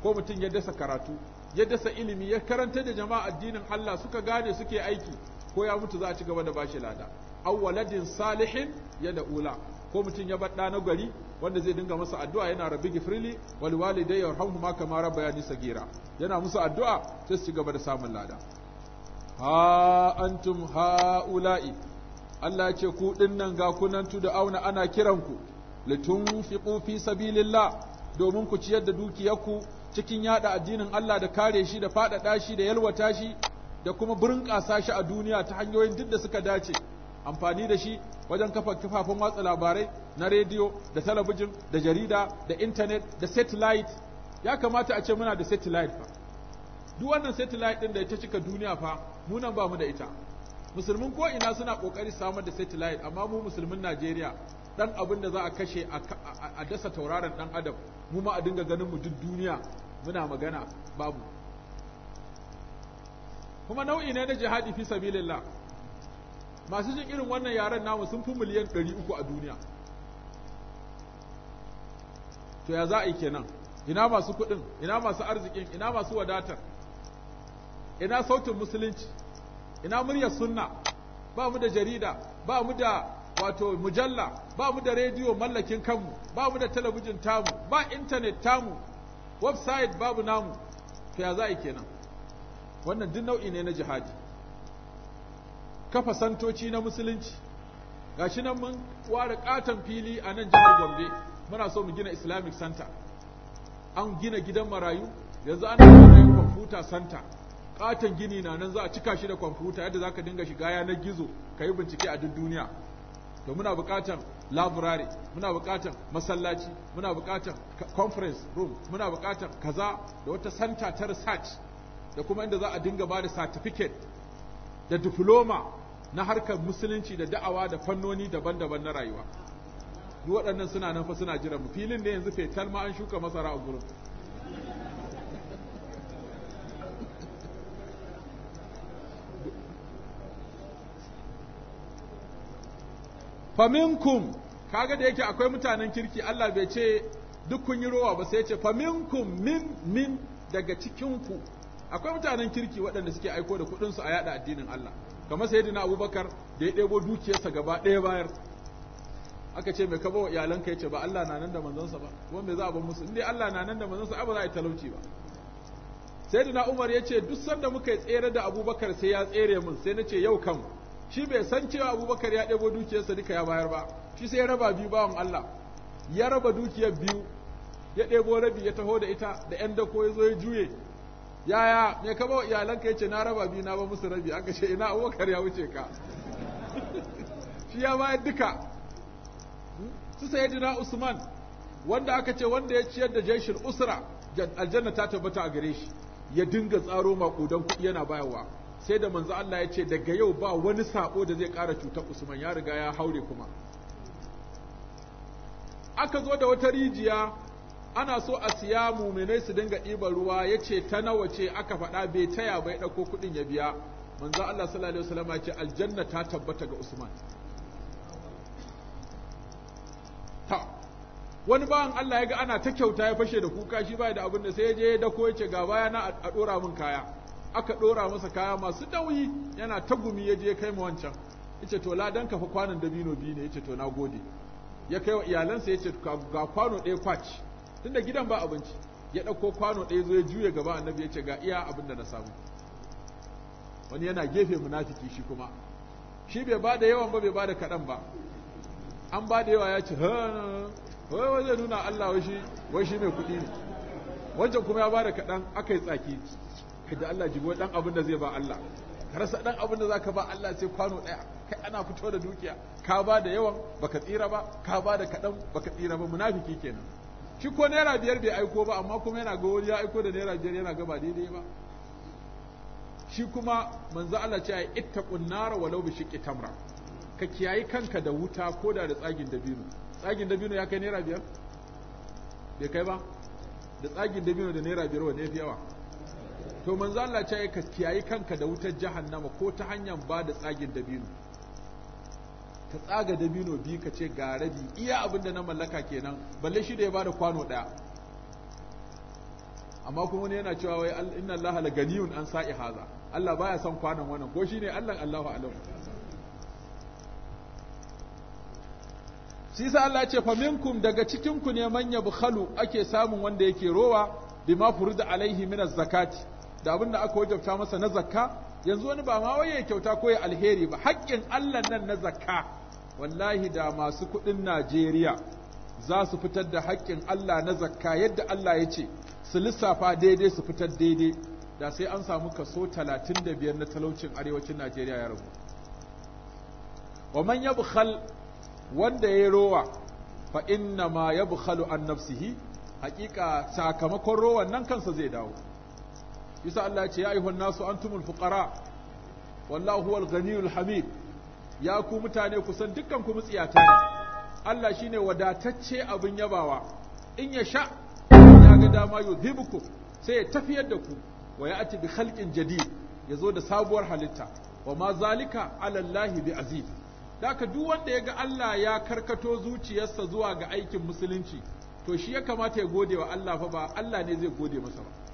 [SPEAKER 1] ko mutum ya dasa karatu ya dasa ilimi ya karanta da jama'a addinin Allah suka gane suke aiki ko ya mutu za a ci gaba da bashi lada awwaladin salihin ya da ula ko mutum ya bar na gari wanda zai dinga masa addu'a yana rabbi gifrili wal walidayya yarhamhuma kama sa sagira yana musu addu'a sai su gaba da samun lada ha antum haula'i Allah ya ce ku dinnan ga kunan da auna ana kiranku litunfiqu fi sabilillah domin ku ciyar da dukiyarku cikin yada addinin Allah da kare shi da fadada shi da yalwata shi da kuma burin shi a duniya ta hanyoyin duk da suka dace amfani da shi wajen kafa kafafen watsa labarai na rediyo da talabijin da jarida da intanet da satellite ya kamata a ce muna da satellite fa duk wannan satellite din da ta cika duniya fa mu nan ba mu da ita musulmin ko ina suna kokari samar da satellite amma mu musulmin Najeriya dan abin da za a kashe a dasa tauraron dan adam mu ma a dinga ganin mu duk duniya muna magana babu kuma nau'i ne na jihadi fi sabilillah masu jin irin wannan yaren namu sun fi miliyan 300 a duniya to ya za a yi kenan ina masu kuɗin ina masu arzikin ina masu wadatar ina sautin musulunci ina muryar sunna ba mu da jarida ba mu da wato mujalla ba mu da rediyo mallakin kanmu ba mu da talabijin tamu ba intanet tamu website babu namu to ya za a yi kenan wannan duk nau'i ne na jihadi kafa santoci na musulunci gashi nan mun ware katon fili a nan jihar Gombe muna so mu gina Islamic Center an gina gidan marayu yanzu ana gina computer center katon gini na nan za a cika shi da kwamfuta yadda ka dinga shiga yanar gizo ka yi bincike a duk duniya to muna buƙatar laburare muna buƙatar masallaci muna buƙatar conference room muna buƙatar kaza da wata center ta research da kuma inda za a dinga ba da certificate da diploma na harkar musulunci da da'awa da fannoni daban-daban na rayuwa duk waɗannan suna nan fa suna jira mu filin ne yanzu fetal ma an shuka masara a gurin faminkum kaga da yake akwai mutanen kirki Allah bai ce duk kun yi rowa ba sai ya ce faminkum min min daga cikinku akwai mutanen kirki waɗanda suke aiko da kuɗinsu a yada addinin Allah kamar sayyidina abubakar da ya ɗebo dukiyarsa gaba ɗaya bayar aka ce mai kaba wa iyalanka ya ce ba Allah na nan da manzansa ba kuma me za a ban musu inda Allah na nan da manzansa ba za a yi talauci ba sayyidina umar ya ce duk sanda muka yi tsere da abubakar sai ya tsere mun sai na ce yau kam. shi bai san cewa abubakar ya ɗebo dukiyarsa duka ya bayar ba shi sai ya raba biyu bawan Allah ya raba dukiyar biyu ya ɗebo rabi ya taho da ita da ‘yan dako ya zo ya juye yaya me ka wa iyalanka ya ce na raba biyu na ba musu rabi aka ce ina abubakar ya wuce ka shi ya bayar duka su na usman wanda aka ce wanda ya ciyar da jeshin usra aljanna ta tabbata a gare shi ya dinga tsaro makudan kuɗi yana bayarwa sai da manzo Allah ya ce daga yau ba wani sako da zai ƙara cutar usman ya riga ya haure kuma aka zo da wata rijiya ana so a siya muminai su dinga ɗiban ruwa ya ce ta nawa ce aka faɗa bai taya bai ɗauko kuɗin ya biya manzo Allah sallallahu alaihi wasallam ya ce aljanna ta tabbata ga Usman ta wani bawan Allah ya ga ana ta kyauta ya fashe da kuka shi bai da abin da sai ya je ya dako ya ce ga baya na a ɗora min kaya aka ɗora masa kaya masu nauyi yana ta gumi ya je kai mu wancan yace to la ka fa kwanan dabino biyu ne yace to na gode ya kai wa iyalansa yace ga kwano ɗaya kwaci Tun da gidan ba abinci ya ɗauko kwano ɗaya zo ya juya gaba annabi ya ce ga iya abin da na samu wani yana gefe munafiki shi kuma shi bai ba da yawan ba bai ba kaɗan ba an ba yawa ya ce wai wajen nuna Allah wai shi mai kuɗi ne wancan kuma ya bada kaɗan aka yi tsaki kai da Allah jibo ɗan abin da zai ba Allah ka rasa ɗan abin da za ka ba Allah sai kwano ɗaya kai ana fito da dukiya ka bada da yawan baka tsira ba ka ba da kaɗan baka tsira ba munafiki kenan shi ko naira biyar bai aiko ba amma kuma yana ga wani ya aiko da naira biyar yana gaba daidai ba shi kuma manzo Allah ce ai ittaqun nar walau bi shiqqi tamra ka kiyayi kanka da wuta ko da da tsagin dabino tsagin dabino ya kai naira biyar bai kai ba da tsagin dabino da naira biyar wanne fi yawa to manzo Allah ce ka kiyayi kanka da wutar jahannama ko ta hanyar ba da tsagin dabino ka tsaga dabino biyu ka ce ga rabi iya abin da na mallaka kenan balle shi da ya bada kwano daya amma kuma wani yana cewa wai inna Allah la ganiyun an sa'i haza Allah baya son kwanon wannan ko shine Allah Allahu alam shi sa Allah ce fa minkum daga cikin ku ne manya bukhalu ake samun wanda yake rowa bima furida alaihi min zakati da abin da aka wajabta masa na zakka yanzu wani ba ma waye kyauta ko ya alheri ba haƙƙin Allah nan na zakka wallahi da masu kuɗin Najeriya za su fitar da haƙƙin Allah na zakka yadda Allah ya ce su lissafa daidai su fitar daidai da sai an samu kaso 35 na talaucin arewacin Najeriya ya rabu wa man yabkhal wanda ya rowa fa inna ma yabkhalu an nafsihi haƙiƙa sakamakon rowan nan kansa zai dawo yasa Allah ya ce ya ayyuhan nasu antumul fuqara wallahu huwal ghaniyul hamid ya ku mutane kusan dukkan ku mutsiyata ne Allah shine wadatacce abin yabawa in ya sha ya ga dama yudhibukum sai ya tafiyar da ku wa ya'ti bi khalqin jadid yazo da sabuwar halitta wa ma zalika ala Allah bi aziz daka duk wanda ya ga Allah ya karkato zuciyarsa zuwa ga aikin musulunci to shi ya kamata ya gode wa Allah fa ba Allah ne zai gode masa ba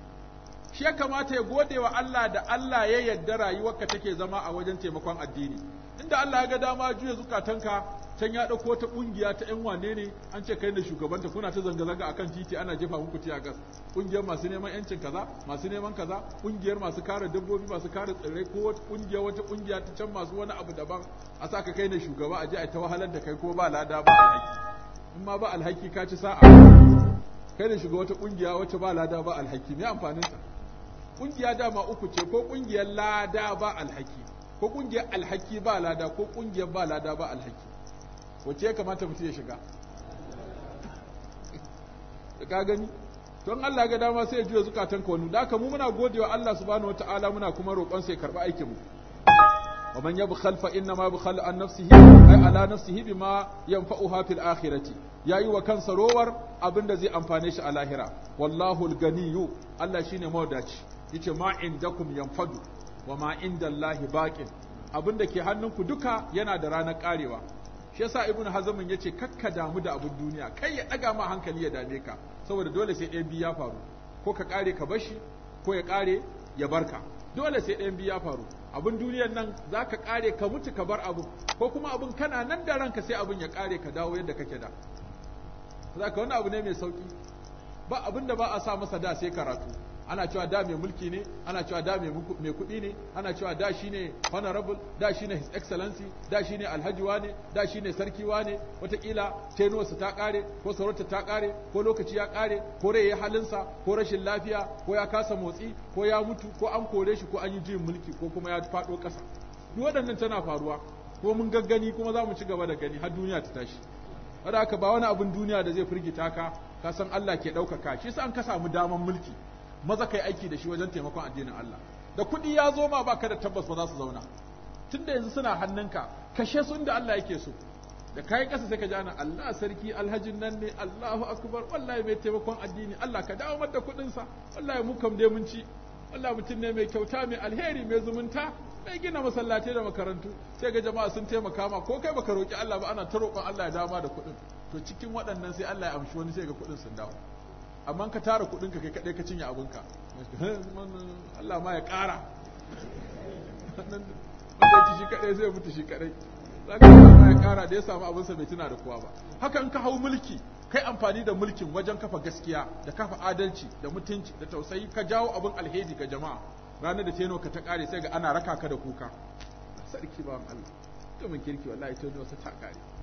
[SPEAKER 1] shi ya kamata ya gode wa Allah da Allah ya yarda rayuwarka take zama a wajen taimakon addini inda Allah ya ga dama juya zukatanka can ya ɗauko ta ƙungiya ta ƴan wane ne an ce kai ne shugabanta kuna ta zanga-zanga akan titi ana jefa muku tiya gas ƙungiyar masu neman yancin kaza masu neman kaza ƙungiyar masu kare dabbobi masu kare tsirrai ko wata wata ƙungiya ta can masu wani abu daban a sa ka kai ne shugaba a je a ta wahalar da kai ko ba lada ba alhaki in ma ba alhaki ka ci sa'a kai ne shugaba wata ƙungiya wacce ba lada ba alhaki me amfanin sa Kungiya dama uku ce ko ƙungiyar lada ba alhaki ko kungiyar alhaki ba lada ko kungiyar ba lada ba alhaki wacce ya kamata mutum ya shiga ka gani don Allah ga dama sai ya juya zukatan ka wani da mu muna godewa Allah subhanahu wataala muna kuma roƙon sai karɓi aikin mu wa man yabkhal fa inna ma yabkhal an nafsihi ay ala nafsihi bima yanfa'uha fil akhirati yayi wa kansa rowar abinda zai amfane shi a lahira wallahu al-ganiyyu Allah shine mawdaci yace ma indakum yanfadu wa ma indallahi baqin abinda ke hannunku duka yana da ranar karewa shi yasa ibnu hazmin yace kakka damu da abun duniya kai ya daga ma hankali ya dame ka saboda dole sai ɗayan biyu ya faru ko ka kare ka bashi ko ya kare ya barka dole sai ɗayan biyu ya faru abin duniyar nan za ka kare ka mutu ka bar abin ko kuma abin kana nan da ranka sai abin ya kare ka dawo yadda kake da za ka wani abu ne mai sauki ba abinda ba a sa masa da sai karatu ana cewa da mai mulki ne ana cewa da mai kuɗi ne ana cewa da shi ne honorable da shi ne his excellency da shi ne alhaji ne da shi ne sarki wane wataƙila tenuwarsa ta ƙare ko sarauta ta ƙare ko lokaci ya ƙare ko rai ya halinsa ko rashin lafiya ko ya kasa motsi ko ya mutu ko an kore shi ko an yi juyin mulki ko kuma ya faɗo ƙasa duk waɗannan tana faruwa ko mun gaggani kuma za mu ci gaba da gani har duniya ta tashi wadda haka ba wani abin duniya da zai firgita ka ka san Allah ke ɗaukaka shi sa an ka samu daman mulki maza kai aiki da shi wajen taimakon addinin Allah da kuɗi ya zo ma baka da tabbas ba za su zauna tunda yanzu suna hannunka kashe sun da Allah yake so da kayan kasa sai ka ji ana Allah sarki alhajin nan ne Allahu akbar wallahi mai taimakon addini Allah ka dawo mata kuɗin sa wallahi mu kam dai mun ci wallahi mutum ne mai kyauta mai alheri mai zumunta mai gina masallatai da makarantu sai ga jama'a sun taimaka ma ko kai baka roki Allah ba ana ta roƙon Allah ya dama da kuɗin to cikin waɗannan sai Allah ya amshi wani sai ga kuɗin sun dawo amma ka tara kudinka kai kadai ka cinye abinka Allah ma ya kara wannan shi kadai zai mutu shi kadai zaka ma ya kara da ya samu abinsa bai tuna da kowa ba haka in ka hau mulki kai amfani da mulkin wajen kafa gaskiya da kafa adalci da mutunci da tausayi ka jawo abin alheri ga jama'a ranar da teno ka ta kare sai ga ana raka ka da kuka sarki ba Allah to mun kirki wallahi ne wasa ta kare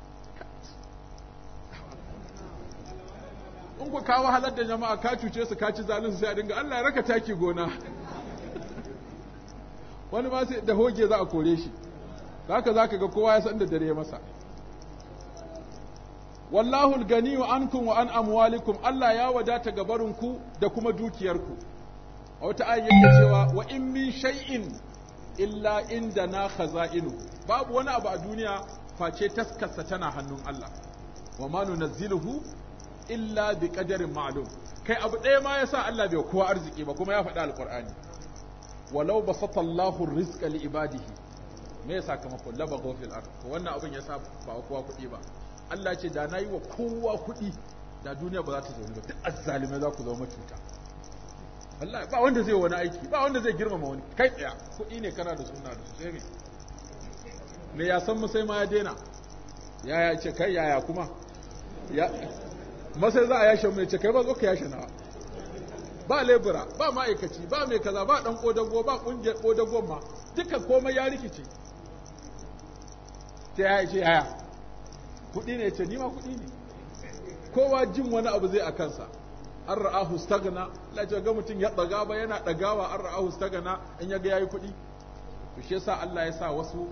[SPEAKER 1] in ku kawo halar da jama'a ka cuce su ka ci zalin sai a dinga Allah ya raka taki gona wani ma sai da hoge za a kore shi haka za ka ga kowa ya san da dare masa wallahu alganiyu ankum wa an amwalikum Allah ya wadata ku da kuma dukiyarku a wata ayi yake cewa wa in min shay'in illa indana khaza'inu babu wani abu a duniya face taskarsa tana hannun Allah wa ma illa bi qadarin ma'lum kai abu ɗaya ma yasa Allah bai kowa arziki ba kuma ya faɗi alqur'ani walau basata Allahu rizqa li ibadihi me yasa kama ko laba gofil ard wannan abin yasa ba kowa kuɗi ba Allah ce da nayi wa kowa kuɗi da duniya ba za ta zaune ba duk azzalimai za ku zama cuta wallahi ba wanda zai wani aiki ba wanda zai girmama wani kai tsaya kuɗi ne kana da sunna da su sai me me ya san mu sai ma ya daina yaya ce kai yaya kuma kuma za a yashe mai ce kai ba zo ka yashe nawa ba lebura ba ma'aikaci ba mai kaza ba dan kodago ba kungiyar kodagon ma duka komai ya rikice ta yaya ce yaya kuɗi ne ce nima kuɗi ne kowa jin wani abu zai a kansa an ra'ahu stagna la ga mutum ya daga ba yana dagawa an ra'ahu stagna in ya ga yayi kuɗi to shi yasa Allah ya sa wasu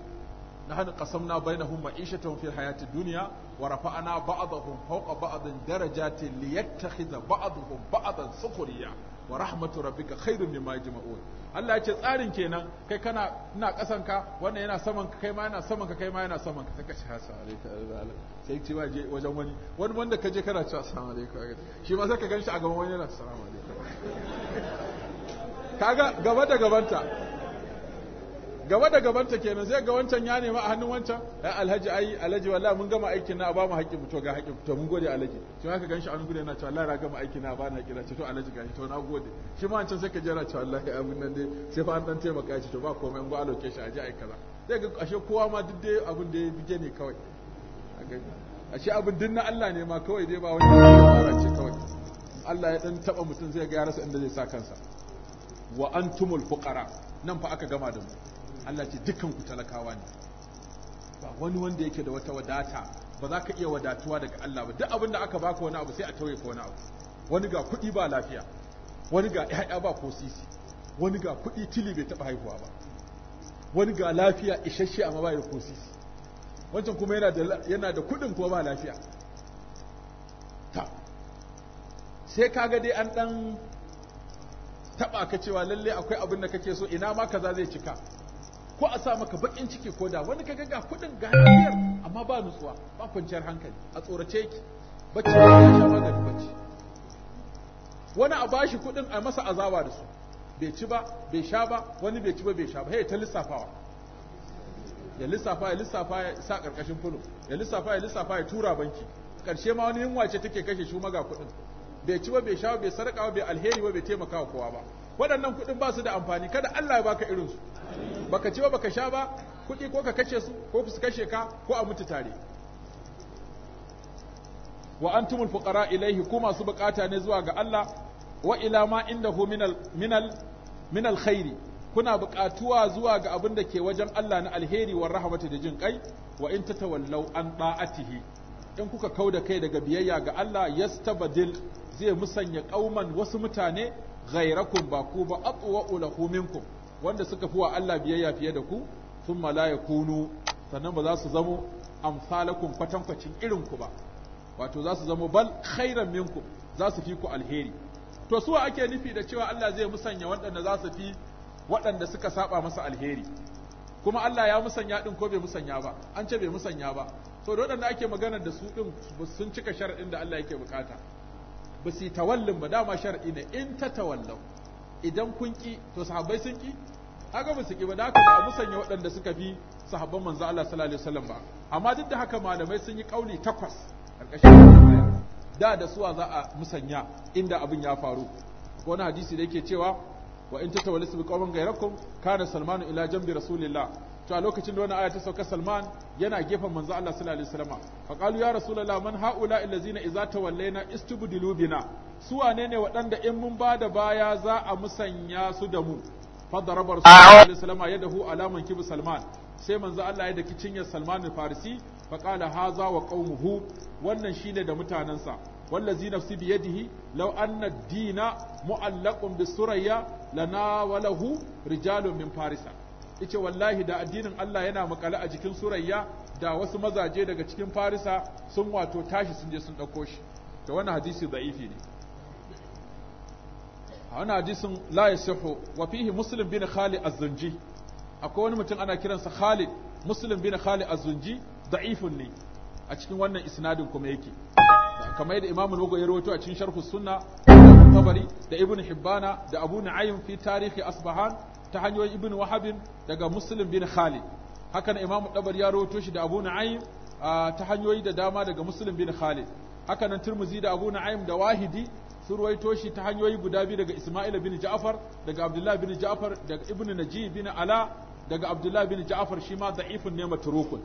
[SPEAKER 1] na qasamna bainahum ma'ishatuhum fil hayati dunya wa rafa'na ba'dahum fawqa ba'din darajatin liyattakhidha ba'dahum ba'dan sukhriya wa rahmatu rabbika khairum Allah ya ce tsarin kenan kai kana ina kasan wannan yana saman ka kai ma yana saman ka kai ma yana saman ka saka assalamu alaikum sai ce waje wajen wani wani wanda ka je kana cewa assalamu alaikum shi ma saka ganshi a gaban wani yana assalamu alaikum kaga gaba da gabanta gaba da gabanta kenan zai ga wancan ya nema a hannun wancan ai alhaji ai alhaji wallahi mun gama aikin na ba mu haƙƙi mu to ga haƙƙi to mun gode alhaji shi ma ka ganshi a gure na cewa wallahi ra gama aikin na ba na haƙƙi na ce to alhaji gashi to na gode shi ma wancan sai ka jira cewa wallahi abin nan dai sai fa an dan taimaka ya ce to ba komai an go aloke shi aje ai kaza sai ga ashe kowa ma duk dai abin da ya bige ne kawai ashe abin din na Allah ne ma kawai dai ba wani fara ce kawai Allah ya dan taba mutum zai ga ya rasa inda zai sa kansa wa antumul fuqara nan fa aka gama da mu Allah ce dukkan ku talakawa ne ba wani wanda yake da wata wadata ba za ka iya wadatuwa daga Allah ba duk abin da aka baka wani abu sai a tauye ka wani abu wani ga kuɗi ba lafiya wani ga ƴaƴa ba ko sisi wani ga kuɗi tili bai taɓa haihuwa ba wani ga lafiya isasshe amma ba da ko sisi wancan kuma yana da yana da kuɗin kuma ba lafiya ta sai kaga dai an dan taba ka cewa lalle akwai abin da kake so ina ma kaza zai cika ko a sa maka bakin ciki ko da wani kaga ga kudin ga hanyar amma ba nutsuwa ba kwanciyar hankali a tsorace ki bacci ba ya sha magani bacci wani a bashi kudin a masa azaba da su bai ci ba bai sha ba wani bai ci ba bai sha ba hey ta lissafawa ya lissafa ya lissafa ya sa karkashin fulo ya lissafa ya lissafa ya tura banki karshe ma wani yunwa ce take kashe shi ga kudin bai ci ba bai sha ba bai sarƙa ba bai alheri ba bai taimaka wa kowa ba waɗannan kuɗin ba su da amfani kada Allah ya baka irinsu baka ci ba baka sha ba kuɗi ko ka kashe su ko su kashe ka ko a mutu tare wa antumul fuqara ilaihi ku masu bukata ne zuwa ga Allah wa ila ma indahu minal minal khairi kuna bukatuwa zuwa ga abin da ke wajen Allah na alheri wa rahmatu da jin kai wa in tatawallau an da'atihi in kuka kauda kai daga biyayya ga Allah yastabdil zai musanya kauman wasu mutane ghairakum ba ku ba atwa'u ulahu minkum wanda suka fi wa Allah biyayya fiye da ku thumma la yakunu sannan ba za su zamo amsalakum kwatankwacin irin ku ba wato za su zamo bal khairan minkum za su fi ku alheri to suwa ake nufi da cewa Allah zai musanya waɗanda za su fi waɗanda suka saba masa alheri kuma Allah ya musanya din ko bai musanya ba an ce bai musanya ba to da waɗanda ake magana da su din sun cika sharaɗin da Allah yake bukata ba su yi tawallin ba dama shar'i ne in ta tawallau idan kun ki to sahabbai sun ki haka ba su ki ba da haka ba a musanya waɗanda suka bi sahabban manzo Allah sallallahu alaihi wasallam ba amma duk da haka malamai sun yi kauli takwas karkashin da da suwa za a musanya inda abin ya faru ko wani hadisi da yake cewa wa in ta su bi qawmin ghayrakum kana salmanu ila jambi rasulillah to a lokacin da wannan aya ta sauka Salman yana gefen manzo Allah sallallahu alaihi wasallam fa qalu ya rasulullah man haula allazina idza tawallayna istubdilu bina su wane ne waɗanda in mun bada baya za a musanya su da mu fa daraba rasulullahi sallallahu alaihi wasallam yadahu ala mankibi Salman sai manzo Allah ya daki cinyar Salman farisi fa qala haza wa qaumuhu wannan shine da mutanansa wallazi nafsi biyadihi law anna ad-dina mu'allaqun bisuraya lana walahu rijalun min farisa yace wallahi da addinin Allah yana makale a jikin surayya da wasu mazaje daga cikin farisa sun wato tashi sun je sun dauko shi to wannan hadisi da'ifi ne a wannan hadisin la yasihu wa fihi muslim bin khalid az-zunji akwai wani mutum ana kiransa khalid muslim bin khalid az-zunji da'ifun ne a cikin wannan isnadin kuma yake kamar yadda imamu nugo ya rawaito a cikin sharh sunna tabari da ibn hibbana da abu na'im fi tarihi asbahan ta hanyoyin ibn wahabin daga muslim bin khalid hakan imamu dabar ya rawaito shi da abu na'im ta hanyoyi da dama daga muslim bin khalid hakan nan turmuzi da abu na'im da wahidi sun rawaito shi ta hanyoyi guda biyu daga isma'il bin ja'far daga abdullah bin ja'far daga ibn najib bin ala daga abdullah bin ja'far shi ma da'ifun ne matrukun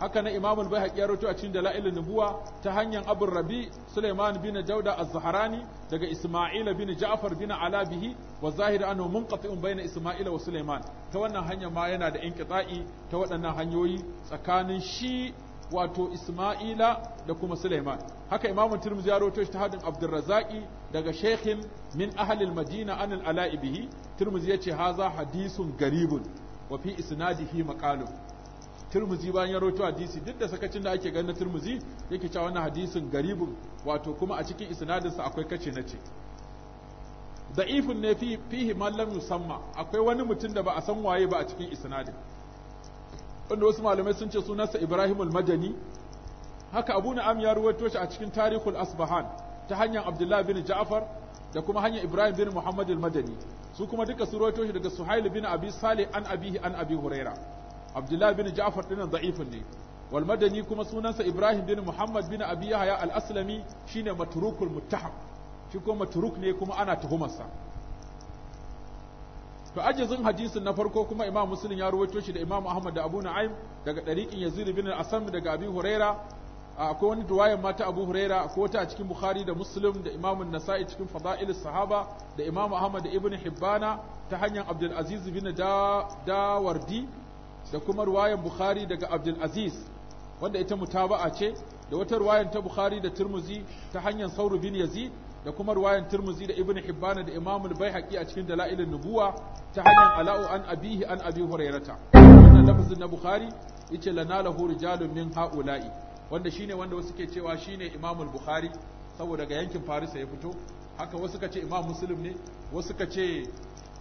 [SPEAKER 1] haka na Imam al-Baihaqi ya a cikin Dalailun Nubuwa ta hanyar abin Rabi Suleiman bin Jauda az-Zahrani daga Isma'ila bin Ja'far bin Alabihi wa zahir annahu munqati'un bayna Isma'ila wa Suleiman. ta wannan hanya ma yana da inqita'i ta waɗannan hanyoyi tsakanin shi wato Isma'ila da kuma Sulaiman haka Imam Tirmidhi ya rawaito ta hadin Abdurrazzaqi daga Sheikhin min ahli al-Madina an al-Ala'ibihi Tirmidhi yace haza hadisun garibun wa fi isnadihi maqalun turmuzi bayan ya rawaito hadisi duk da sakacin da ake ganin turmuzi yake cewa wannan hadisin garibun wato kuma a cikin isnadinsa akwai kace na ce da'ifun ne fi fihi mallam yusamma akwai wani mutum da ba a san waye ba a cikin isnadin wanda wasu malamai sun ce sunansa Ibrahim al-Madani haka Abu Na'am ya ruwaito shi a cikin Tarikhul Asbahan ta hanyar Abdullah bin Ja'far da kuma hanyar Ibrahim bin Muhammad al-Madani su kuma duka su ruwaito shi daga Suhail bin Abi Salih an abihi an Abi Huraira abdullahi bin ja'far din da'ifin ne wal madani kuma sunansa ibrahim bin muhammad bin abi yahya al aslami shine matrukul muttaham shi kuma matruk ne kuma ana tuhumarsa to ajizin hadisin na farko kuma imam muslim ya rawaito shi da imam ahmad da abu na'im daga dariqin yazid bin al-asam daga abi huraira akwai wani duwayan mata abu huraira akwai wata a cikin bukhari da muslim da imam nasa'i cikin fada'il sahaba da imam ahmad da ibn hibbana ta hanyar abdul aziz bin dawardi da kuma ruwayan Bukhari daga Abdul Aziz wanda ita mutaba'a ce da wata ruwayan ta Bukhari da Turmuzi ta hanyar Sauru bin Yazid da kuma ruwayan Turmuzi da Ibn Hibban da Imam al-Baihaqi a cikin Dalailun Nubuwa ta hanyar Ala'u an abihi an Abi Hurairata wannan lafazin na Bukhari yace lanalahu rijalun min haula'i wanda shine wanda wasu ke cewa shine Imam al-Bukhari saboda ga yankin Farisa ya fito haka wasu ka ce Imam Muslim ne wasu ka ce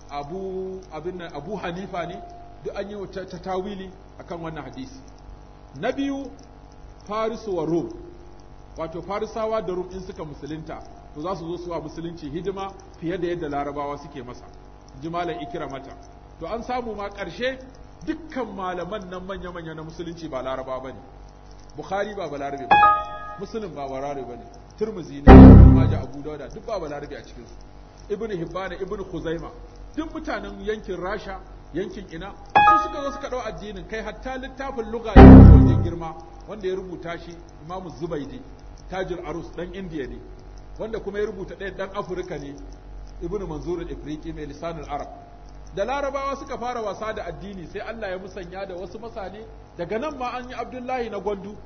[SPEAKER 1] Abu Abu Hanifa ne duk an yi ta tawili akan wannan hadisi na biyu farisu wa rum wato farisawa da rum in suka musulunta to za su zo su musulunci hidima fiye da yadda larabawa suke masa jimalan ikira mata to an samu ma ƙarshe dukkan malaman nan manya-manya na musulunci ba laraba ba ne bukhari ba balarabe ba musulun ba balarabe ba ne turmuzi ne maja abu dauda duk ba balarabe a cikinsu ibn hibbana ibn khuzaima duk mutanen yankin rasha yankin ina su suka zo suka ɗau addinin kai hatta littafin luga ya wajen girma wanda ya rubuta shi imamu zubaidi tajul arus ɗan indiya ne wanda kuma ya rubuta ɗaya ɗan afirka ne ibn manzur al-ifriqi mai lisanul arab da larabawa suka fara wasa da addini sai Allah ya musanya da wasu masane daga nan ma an yi abdullahi na gwandu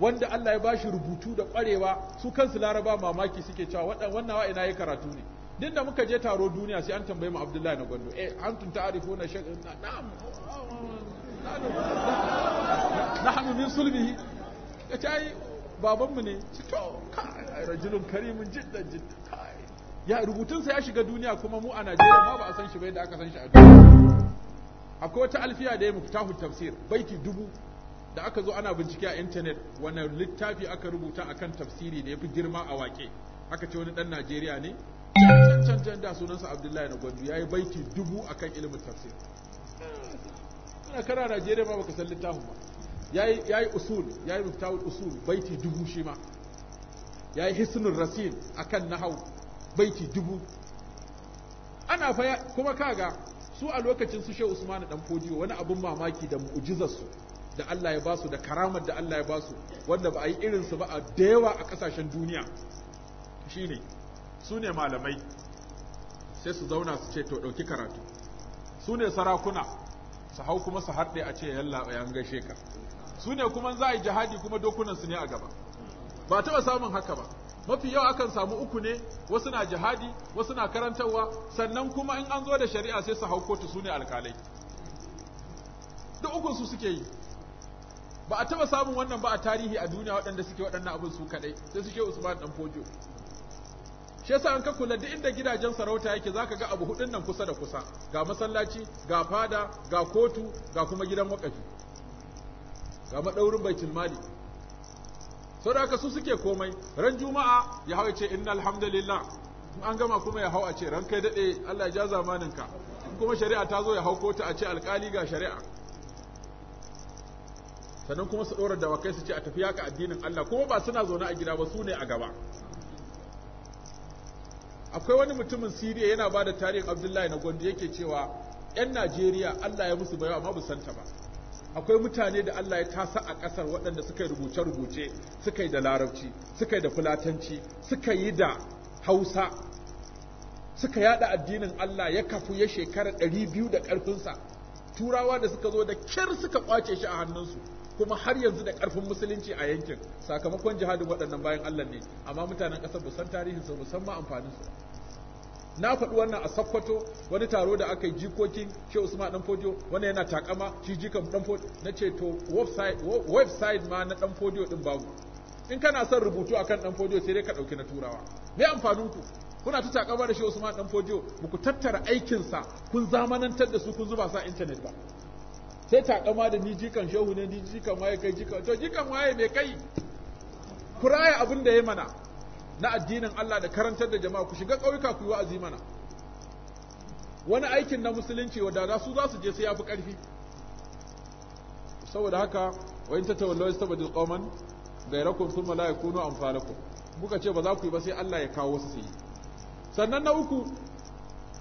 [SPEAKER 1] wanda Allah ya bashi rubutu da ƙwarewa su kansu larabawa mamaki suke cewa wannan wa ina ya karatu ne din da muka je taro duniya sai an tambaye mu abdullahi na gwando eh antum ta'rifuna shay'an na'am nahnu min sulbihi yace ai babanmu ne ci to kai rajulun karimun jiddan jiddan kai ya rubutun sai ya shiga duniya kuma mu a Najeriya ma ba a san shi ba yadda aka san shi a duniya akwai wata alfiya da ya tahu tafsir baiti dubu da aka zo ana bincike a intanet wannan littafi aka rubuta akan tafsiri da ya fi girma a wake. aka ce wani dan Najeriya ne can can da sunansa abdullahi na gwandu ya yi baiti dubu a kan ilimin tafsir suna kana najeriya ma baka san littafin ba ya yi usul ya yi mutawar usul baiti dubu shi ma ya yi hisnul rasin a kan nahau baiti dubu ana faya kuma kaga su a lokacin su shehu usmanu dan fodiyo wani abin mamaki da mu'ujizarsu da Allah ya ba su da karamar da Allah ya ba su wanda ba a yi irinsu ba a da yawa a ƙasashen duniya shine su ne malamai sai su zauna su ce to ɗauki karatu su ne sarakuna su hau kuma su haɗe a ce yalla yan gaishe ka su ne kuma za a yi jihadi kuma dokunan su ne a gaba ba taɓa samun haka ba mafi yau akan samu uku ne wasu na jihadi wasu na karantarwa sannan kuma in an zo da shari'a sai su hau kotu su ne alkalai da uku su suke yi ba a taɓa samun wannan ba a tarihi a duniya waɗanda suke waɗannan abin su kaɗai sai suke usman ɗan fojo shi yasa an ka kula duk inda gidajen sarauta yake zaka ga abu hudun nan kusa da kusa ga masallaci ga fada ga kotu ga kuma gidan wakafi ga madaurin baitul mali saboda ka su suke komai ran juma'a ya hawa ce innal alhamdulillah. an gama kuma ya hau a ce ran kai dade Allah ya ja zamaninka in kuma shari'a ta zo ya hau kotu a ce alkali ga shari'a sannan kuma su ɗora dawakai su ce a tafiya ka addinin Allah kuma ba suna zaune a gida ba su ne a gaba akwai wani mutumin siriya yana ba da tarihin abdullahi na gondi yake cewa 'yan najeriya allah ya musu bayawa ma bu santa ba akwai mutane da allah ya tasa a ƙasar waɗanda suka yi rubuce-rubuce suka yi da larabci suka yi da fulatanci suka yi da hausa suka yada addinin allah ya kafu ya shekara 200 da ƙarfinsa turawa da suka zo da kyar suka kwace shi a hannunsu kuma har yanzu da karfin musulunci a yankin sakamakon jihadin waɗannan bayan Allah ne amma mutanen ƙasar san tarihin su musamman amfanin su na faɗi wannan a Sakkwato wani taro da aka yi jikokin ke Usman dan Fodio wani yana takama shi jikan dan na ce to website ma na dan Fodio din babu in kana son rubutu akan dan fodiyo sai dai ka dauki na turawa me amfanin ku kuna ta takama da shi Usman dan Ba ku tattara aikin sa kun zamanantar da su kun zuba sa internet ba sai takama da ni jikan shehu ne ni jikan waye kai jikan to jikan waye mai kai ku raya abin da ya mana na addinin Allah da karantar da jama'a ku shiga ƙauyuka ku yi wa'azi mana wani aikin na musulunci wadda za su za su je sai ya fi ƙarfi saboda haka wa in tatawallaw yastabdil qauman bayrakum thumma la yakunu amfalakum muka ce ba za ku yi ba sai Allah ya kawo su sai sannan na uku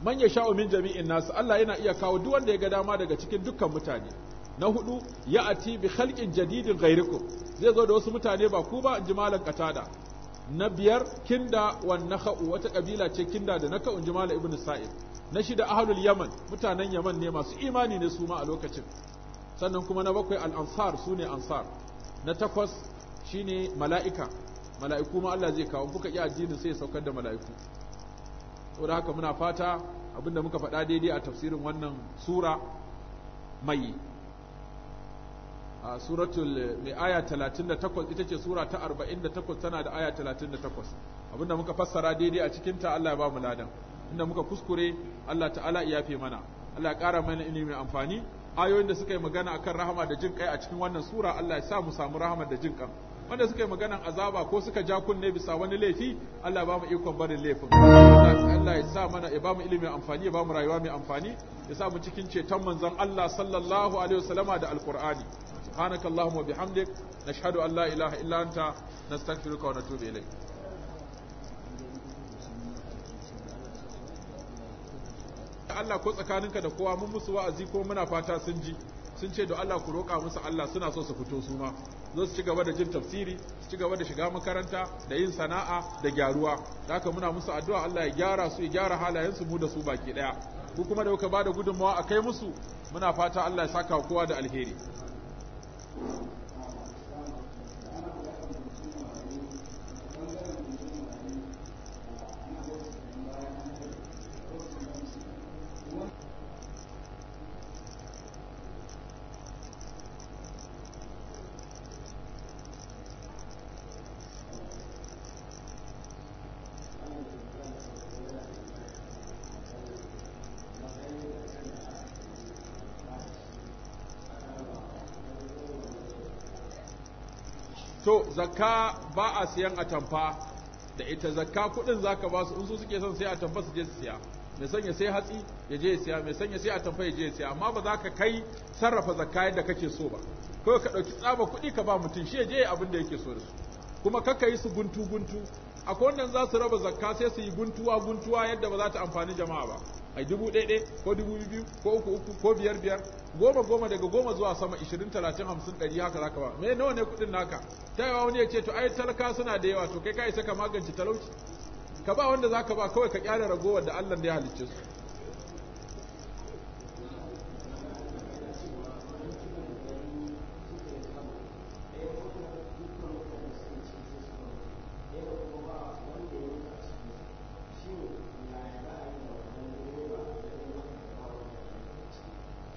[SPEAKER 1] man ya sha min jami'in nasu Allah yana iya kawo duk wanda ya ga dama daga cikin dukkan mutane na hudu ya ati bi khalqin jadidin ghairikum zai zo da wasu mutane ba ku ba jimalan katada na biyar kinda wan nakha'u wata kabila ce kinda da naka'u jimala ibnu sa'id na shida ahlul yaman mutanen yaman ne masu imani ne su ma a lokacin sannan kuma na bakwai al-ansar su ne ansar na takwas shine mala'ika mala'iku ma Allah zai kawo kuka iya addinin sai ya saukar da mala'iku saboda haka muna fata abinda muka faɗa daidai a tafsirin wannan sura mai a suratul mai aya 38 ita ce sura ta 48 tana da aya 38 abinda muka fassara daidai a cikinta Allah ya ba mu ladan inda muka kuskure Allah ta'ala ya yafe mana Allah ya ƙara mana ilimi amfani ayoyin da suka yi magana akan rahama da jin kai a cikin wannan sura Allah ya sa mu samu rahama da jin kai wanda suka yi maganan azaba ko suka ja kunne bisa wani laifi Allah ba mu ikon barin laifin Allah ya sa mana ya ba mu ilimi amfani ya ba mu rayuwa mai amfani ya sa mu cikin ceton manzon Allah sallallahu alaihi wasallama da alqur'ani سبحانك اللهم وبحمدك نشهد أن لا إله إلا أنت نستغفرك ونتوب إليك Allah ko tsakaninka da kowa mun musu wa'azi ko muna fata sun ji sun ce da Allah ku roƙa musu Allah suna so su fito su ma zo su ci gaba da jin tafsiri su ci gaba da shiga makaranta da yin sana'a da gyaruwa da haka muna musu addu'a Allah ya gyara su ya gyara halayen su mu da su baki daya ku kuma da kuka bada gudunmawa akai musu muna fata Allah ya saka kowa da alheri zakka ba a siyan atamfa da ita zakka kudin zaka ba su in su suke son sai atamfa su je su siya mai sanya sai hatsi ya je ya siya mai sanya sai atamfa ya je ya siya amma ba za ka kai sarrafa zakka yadda kake so ba kawai ka ɗauki tsaba kuɗi ka ba mutum shi ya je abin da yake so da su kuma ka yi su guntu guntu akwai wannan za su raba zakka sai su yi guntuwa guntuwa yadda ba za ta amfani jama'a ba ai dubu ɗaiɗe ko dubu biyu ko uku uku ko biyar biyar goma goma daga goma zuwa sama ishirin talatin hamsin ɗari haka zaka ba me nawa ne kuɗin naka ta yawa wani ya ce to ai talaka suna da yawa to kai ka isa ka magance talauci ka ba wanda ka ba kawai ka kyara ragowar da Allah da ya halicce su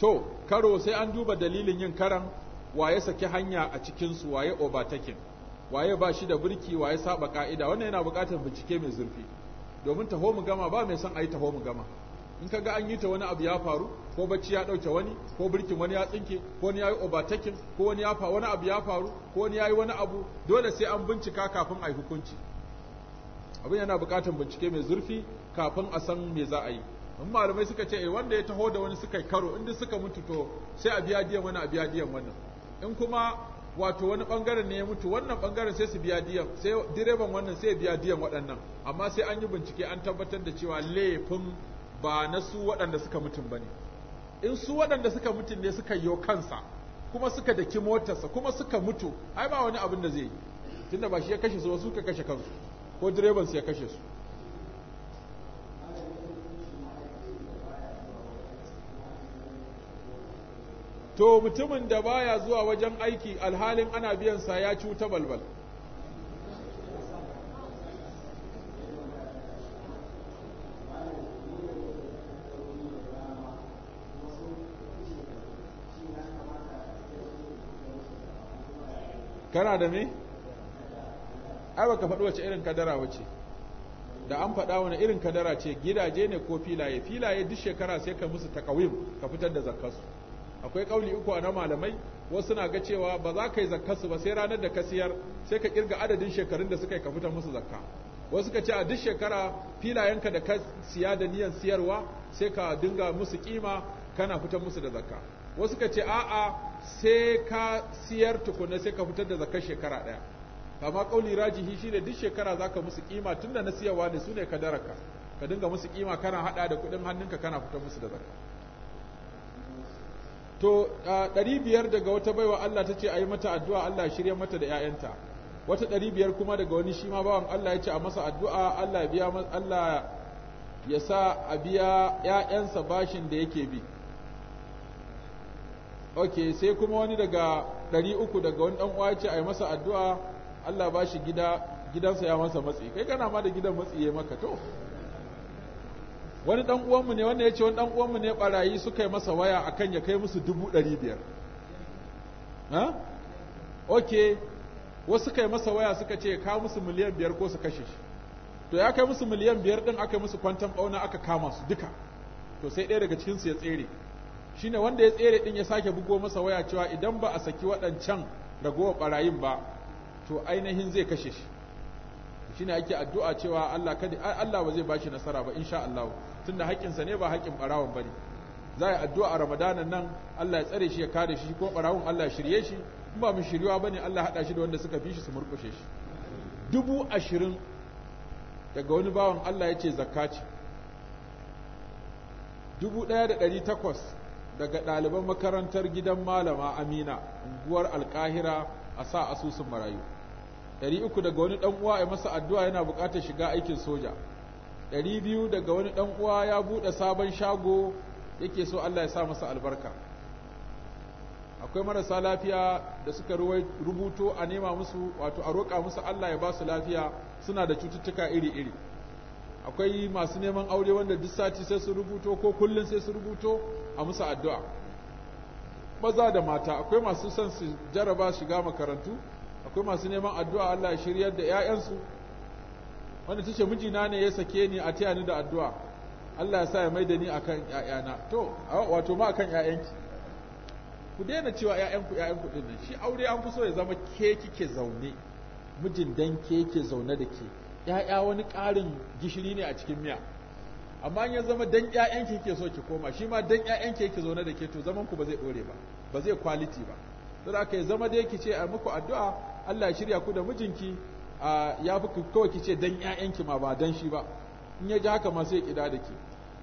[SPEAKER 1] to karo sai an duba dalilin yin karan waye saki hanya a cikinsu waye overtaking waye ba shi da birki waye saba ka'ida wannan yana buƙatar bincike mai zurfi domin taho mu gama ba mai son a yi taho mu gama in ka ga an yi ta wani abu ya faru ko bacci ya ɗauke wani ko birkin wani ya tsinke ko wani ya yi overtaking ko wani ya fa wani abu ya faru ko wani ya yi wani abu dole sai an bincika kafin a yi hukunci abin yana buƙatar bincike mai zurfi kafin a san me za a yi in malamai suka ce eh wanda ya taho da wani suka karo inda suka mutu to sai a biya diyan wani a biya diyan wannan in kuma wato wani bangaren ne ya mutu wannan bangaren sai su biya diyan sai direban wannan sai biya diyan waɗannan amma sai an yi bincike an tabbatar da cewa laifin ba na su waɗanda suka mutum ne. in su waɗanda suka mutum ne suka yi kansa kuma suka daki motarsa kuma suka mutu ai ba wani abin da zai yi tunda ba shi ya kashe su ba su ka kashe kansu ko direban su ya kashe su to mutumin da baya zuwa wajen aiki alhalin ana biyan sa ya cuta balbal kana da me ai baka faɗi wace irin kadara wace da an faɗa wani irin kadara ce gidaje ne ko filaye filaye duk shekara sai ka musu takawim ka fitar da su. akwai kauli uku na malamai wasu na ga cewa ba za ka yi zakkarsu ba sai ranar da ka siyar sai ka kirga adadin shekarun da suka yi ka fitar musu zakka wasu ka ce a duk shekara filayenka da ka siya da niyan siyarwa sai ka dinga musu kima kana fitar musu da zakka wasu ka ce a'a sai ka siyar tukuna sai ka fitar da zakkar shekara ɗaya amma kauli rajihi shine duk shekara za ka musu kima tunda na siyarwa ne su ne ka daraka ka dinga musu kima kana hada da kuɗin hannunka kana fitar musu da zakka to ɗari biyar daga wata baiwa Allah ta ce a yi mata addu'a Allah shirya mata da ‘ya'yanta wata ɗari biyar kuma daga wani shi ma bawan Allah ya ce a masa addu'a Allah ya sa a biya ‘ya'yansa bashin da yake bi ok sai kuma wani daga ɗari uku daga wani ɗan uwa ya ce a yi masa addu'a Allah ba shi gidansa ya masa matsi kai kana ma da gidan matsi ya maka to wani dan uwanmu ne wanda ya ce wani dan uwanmu ne barayi suka yi masa waya akan ya kai musu dubu ɗari biyar ha ok wasu kai masa waya suka ce ka musu miliyan biyar ko su kashe shi to ya kai musu miliyan biyar din aka musu kwantan bauna aka kama su duka to sai ɗaya daga cikinsu ya tsere shine wanda ya tsere din ya sake bugo masa waya cewa idan ba a saki waɗancan ragowar barayin ba to ainihin zai kashe shi shine ake addu'a cewa Allah kada Allah ba zai bashi nasara ba insha Allah Tun da haƙƙinsa ne ba haƙƙin ɓarawon ba ne za a addu'a a ramadanan nan Allah ya tsare shi ya kare shi ko ɓarawon Allah ya shirye shi in ba mu shiryuwa ba ne Allah haɗa shi da wanda suka fi shi su murƙushe shi dubu ashirin daga wani bawan Allah ya ce zakka ce dubu ɗaya da ɗari takwas daga ɗaliban makarantar gidan malama amina unguwar alƙahira a sa asusun marayu ɗari uku daga wani ɗan uwa ya masa addu'a yana buƙatar shiga aikin soja ɗari biyu daga wani ɗan uwa ya buɗe sabon shago yake so Allah ya sa masa albarka akwai marasa lafiya da suka rubuto a nema musu wato a roƙa musu Allah ya ba su lafiya suna da cututtuka iri-iri akwai masu neman aure wanda duk sati sai su rubuto ko kullum sai su rubuto a musu addu'a maza da mata akwai masu son su jaraba shiga makarantu akwai masu neman addu'a Allah ya shiryar da 'ya'yansu wanda ta ce mijina ne ya sake ni a taya da addu'a Allah ya sa ya mai da ni akan ƴaƴana to wato ma akan ƴaƴanki ku daina cewa ƴaƴanku ƴaƴanku din nan shi aure an fi so ya zama ke kike zaune mijin dan ke zaune da ke ƴaƴa wani ƙarin gishiri ne a cikin miya amma in ya zama dan ƴaƴanki kike so ki koma shi ma dan ƴaƴanki yake zaune da ke to zaman ku ba zai dore ba ba zai quality ba saboda haka ya zama dai ki ce a muku addu'a Allah ya shirya ku da mijinki ya fi kawai ki ce dan ƴaƴanki ma ba dan shi ba in ya ji haka ma sai kida da ke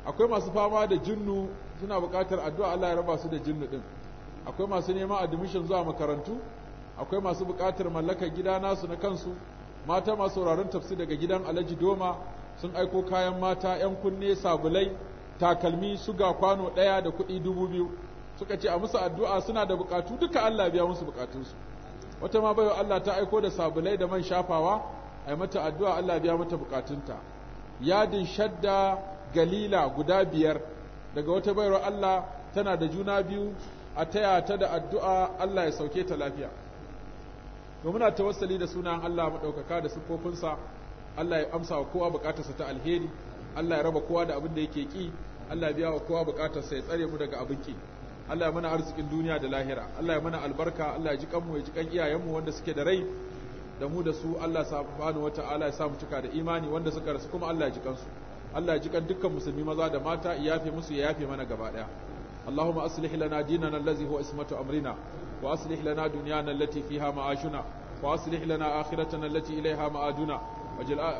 [SPEAKER 1] akwai masu fama da jinnu suna buƙatar addu'a Allah ya raba su da jinnu din akwai masu neman admission zuwa makarantu akwai masu buƙatar mallakar gida nasu na kansu mata masu sauraron tafsir daga gidan Alhaji Doma sun aiko kayan mata ‘yan kunne sabulai takalmi suga kwano ɗaya da kuɗi dubu biyu suka ce a musu addu'a suna da buƙatu duka Allah biya musu buƙatunsu wata ma baiwa Allah ta aiko da sabulai da man shafawa ai mata addu'a Allah biya mata bukatunta yadin shadda galila guda biyar daga wata baiwa Allah tana da juna biyu a taya ta da addu'a Allah ya sauke ta lafiya to muna tawassali da sunan Allah madaukaka da sifofinsa Allah ya amsa wa kowa bukatarsa ta alheri Allah ya raba kowa da abin da yake ki Allah ya biya wa kowa bukatarsa ya tsare mu daga abin ki Allah ya mana arzikin duniya da lahira Allah ya mana albarka Allah ya ji kanmu ya ji kan iyayenmu wanda suke da rai da mu da su Allah subhanahu wataala ya sa mu cika da imani wanda suka rasu kuma Allah ya ji kansu Allah ya ji kan dukkan musulmi maza da mata ya yafe musu ya yafe mana gaba daya اللهم أصلح لنا ديننا الذي هو اسمة أمرنا وأصلح لنا دنيانا التي فيها معاشنا وأصلح لنا آخرتنا التي إليها مآدنا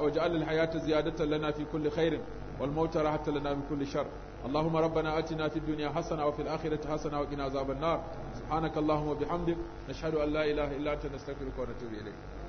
[SPEAKER 1] واجعل الحياة زيادة لنا في كل خير والموت راحة لنا من kulli شر اللهم ربنا آتنا في الدنيا حسنة وفي الآخرة حسنة وقنا عذاب النار سبحانك اللهم وبحمدك نشهد أن لا إله إلا أنت نستغفرك ونتوب إليك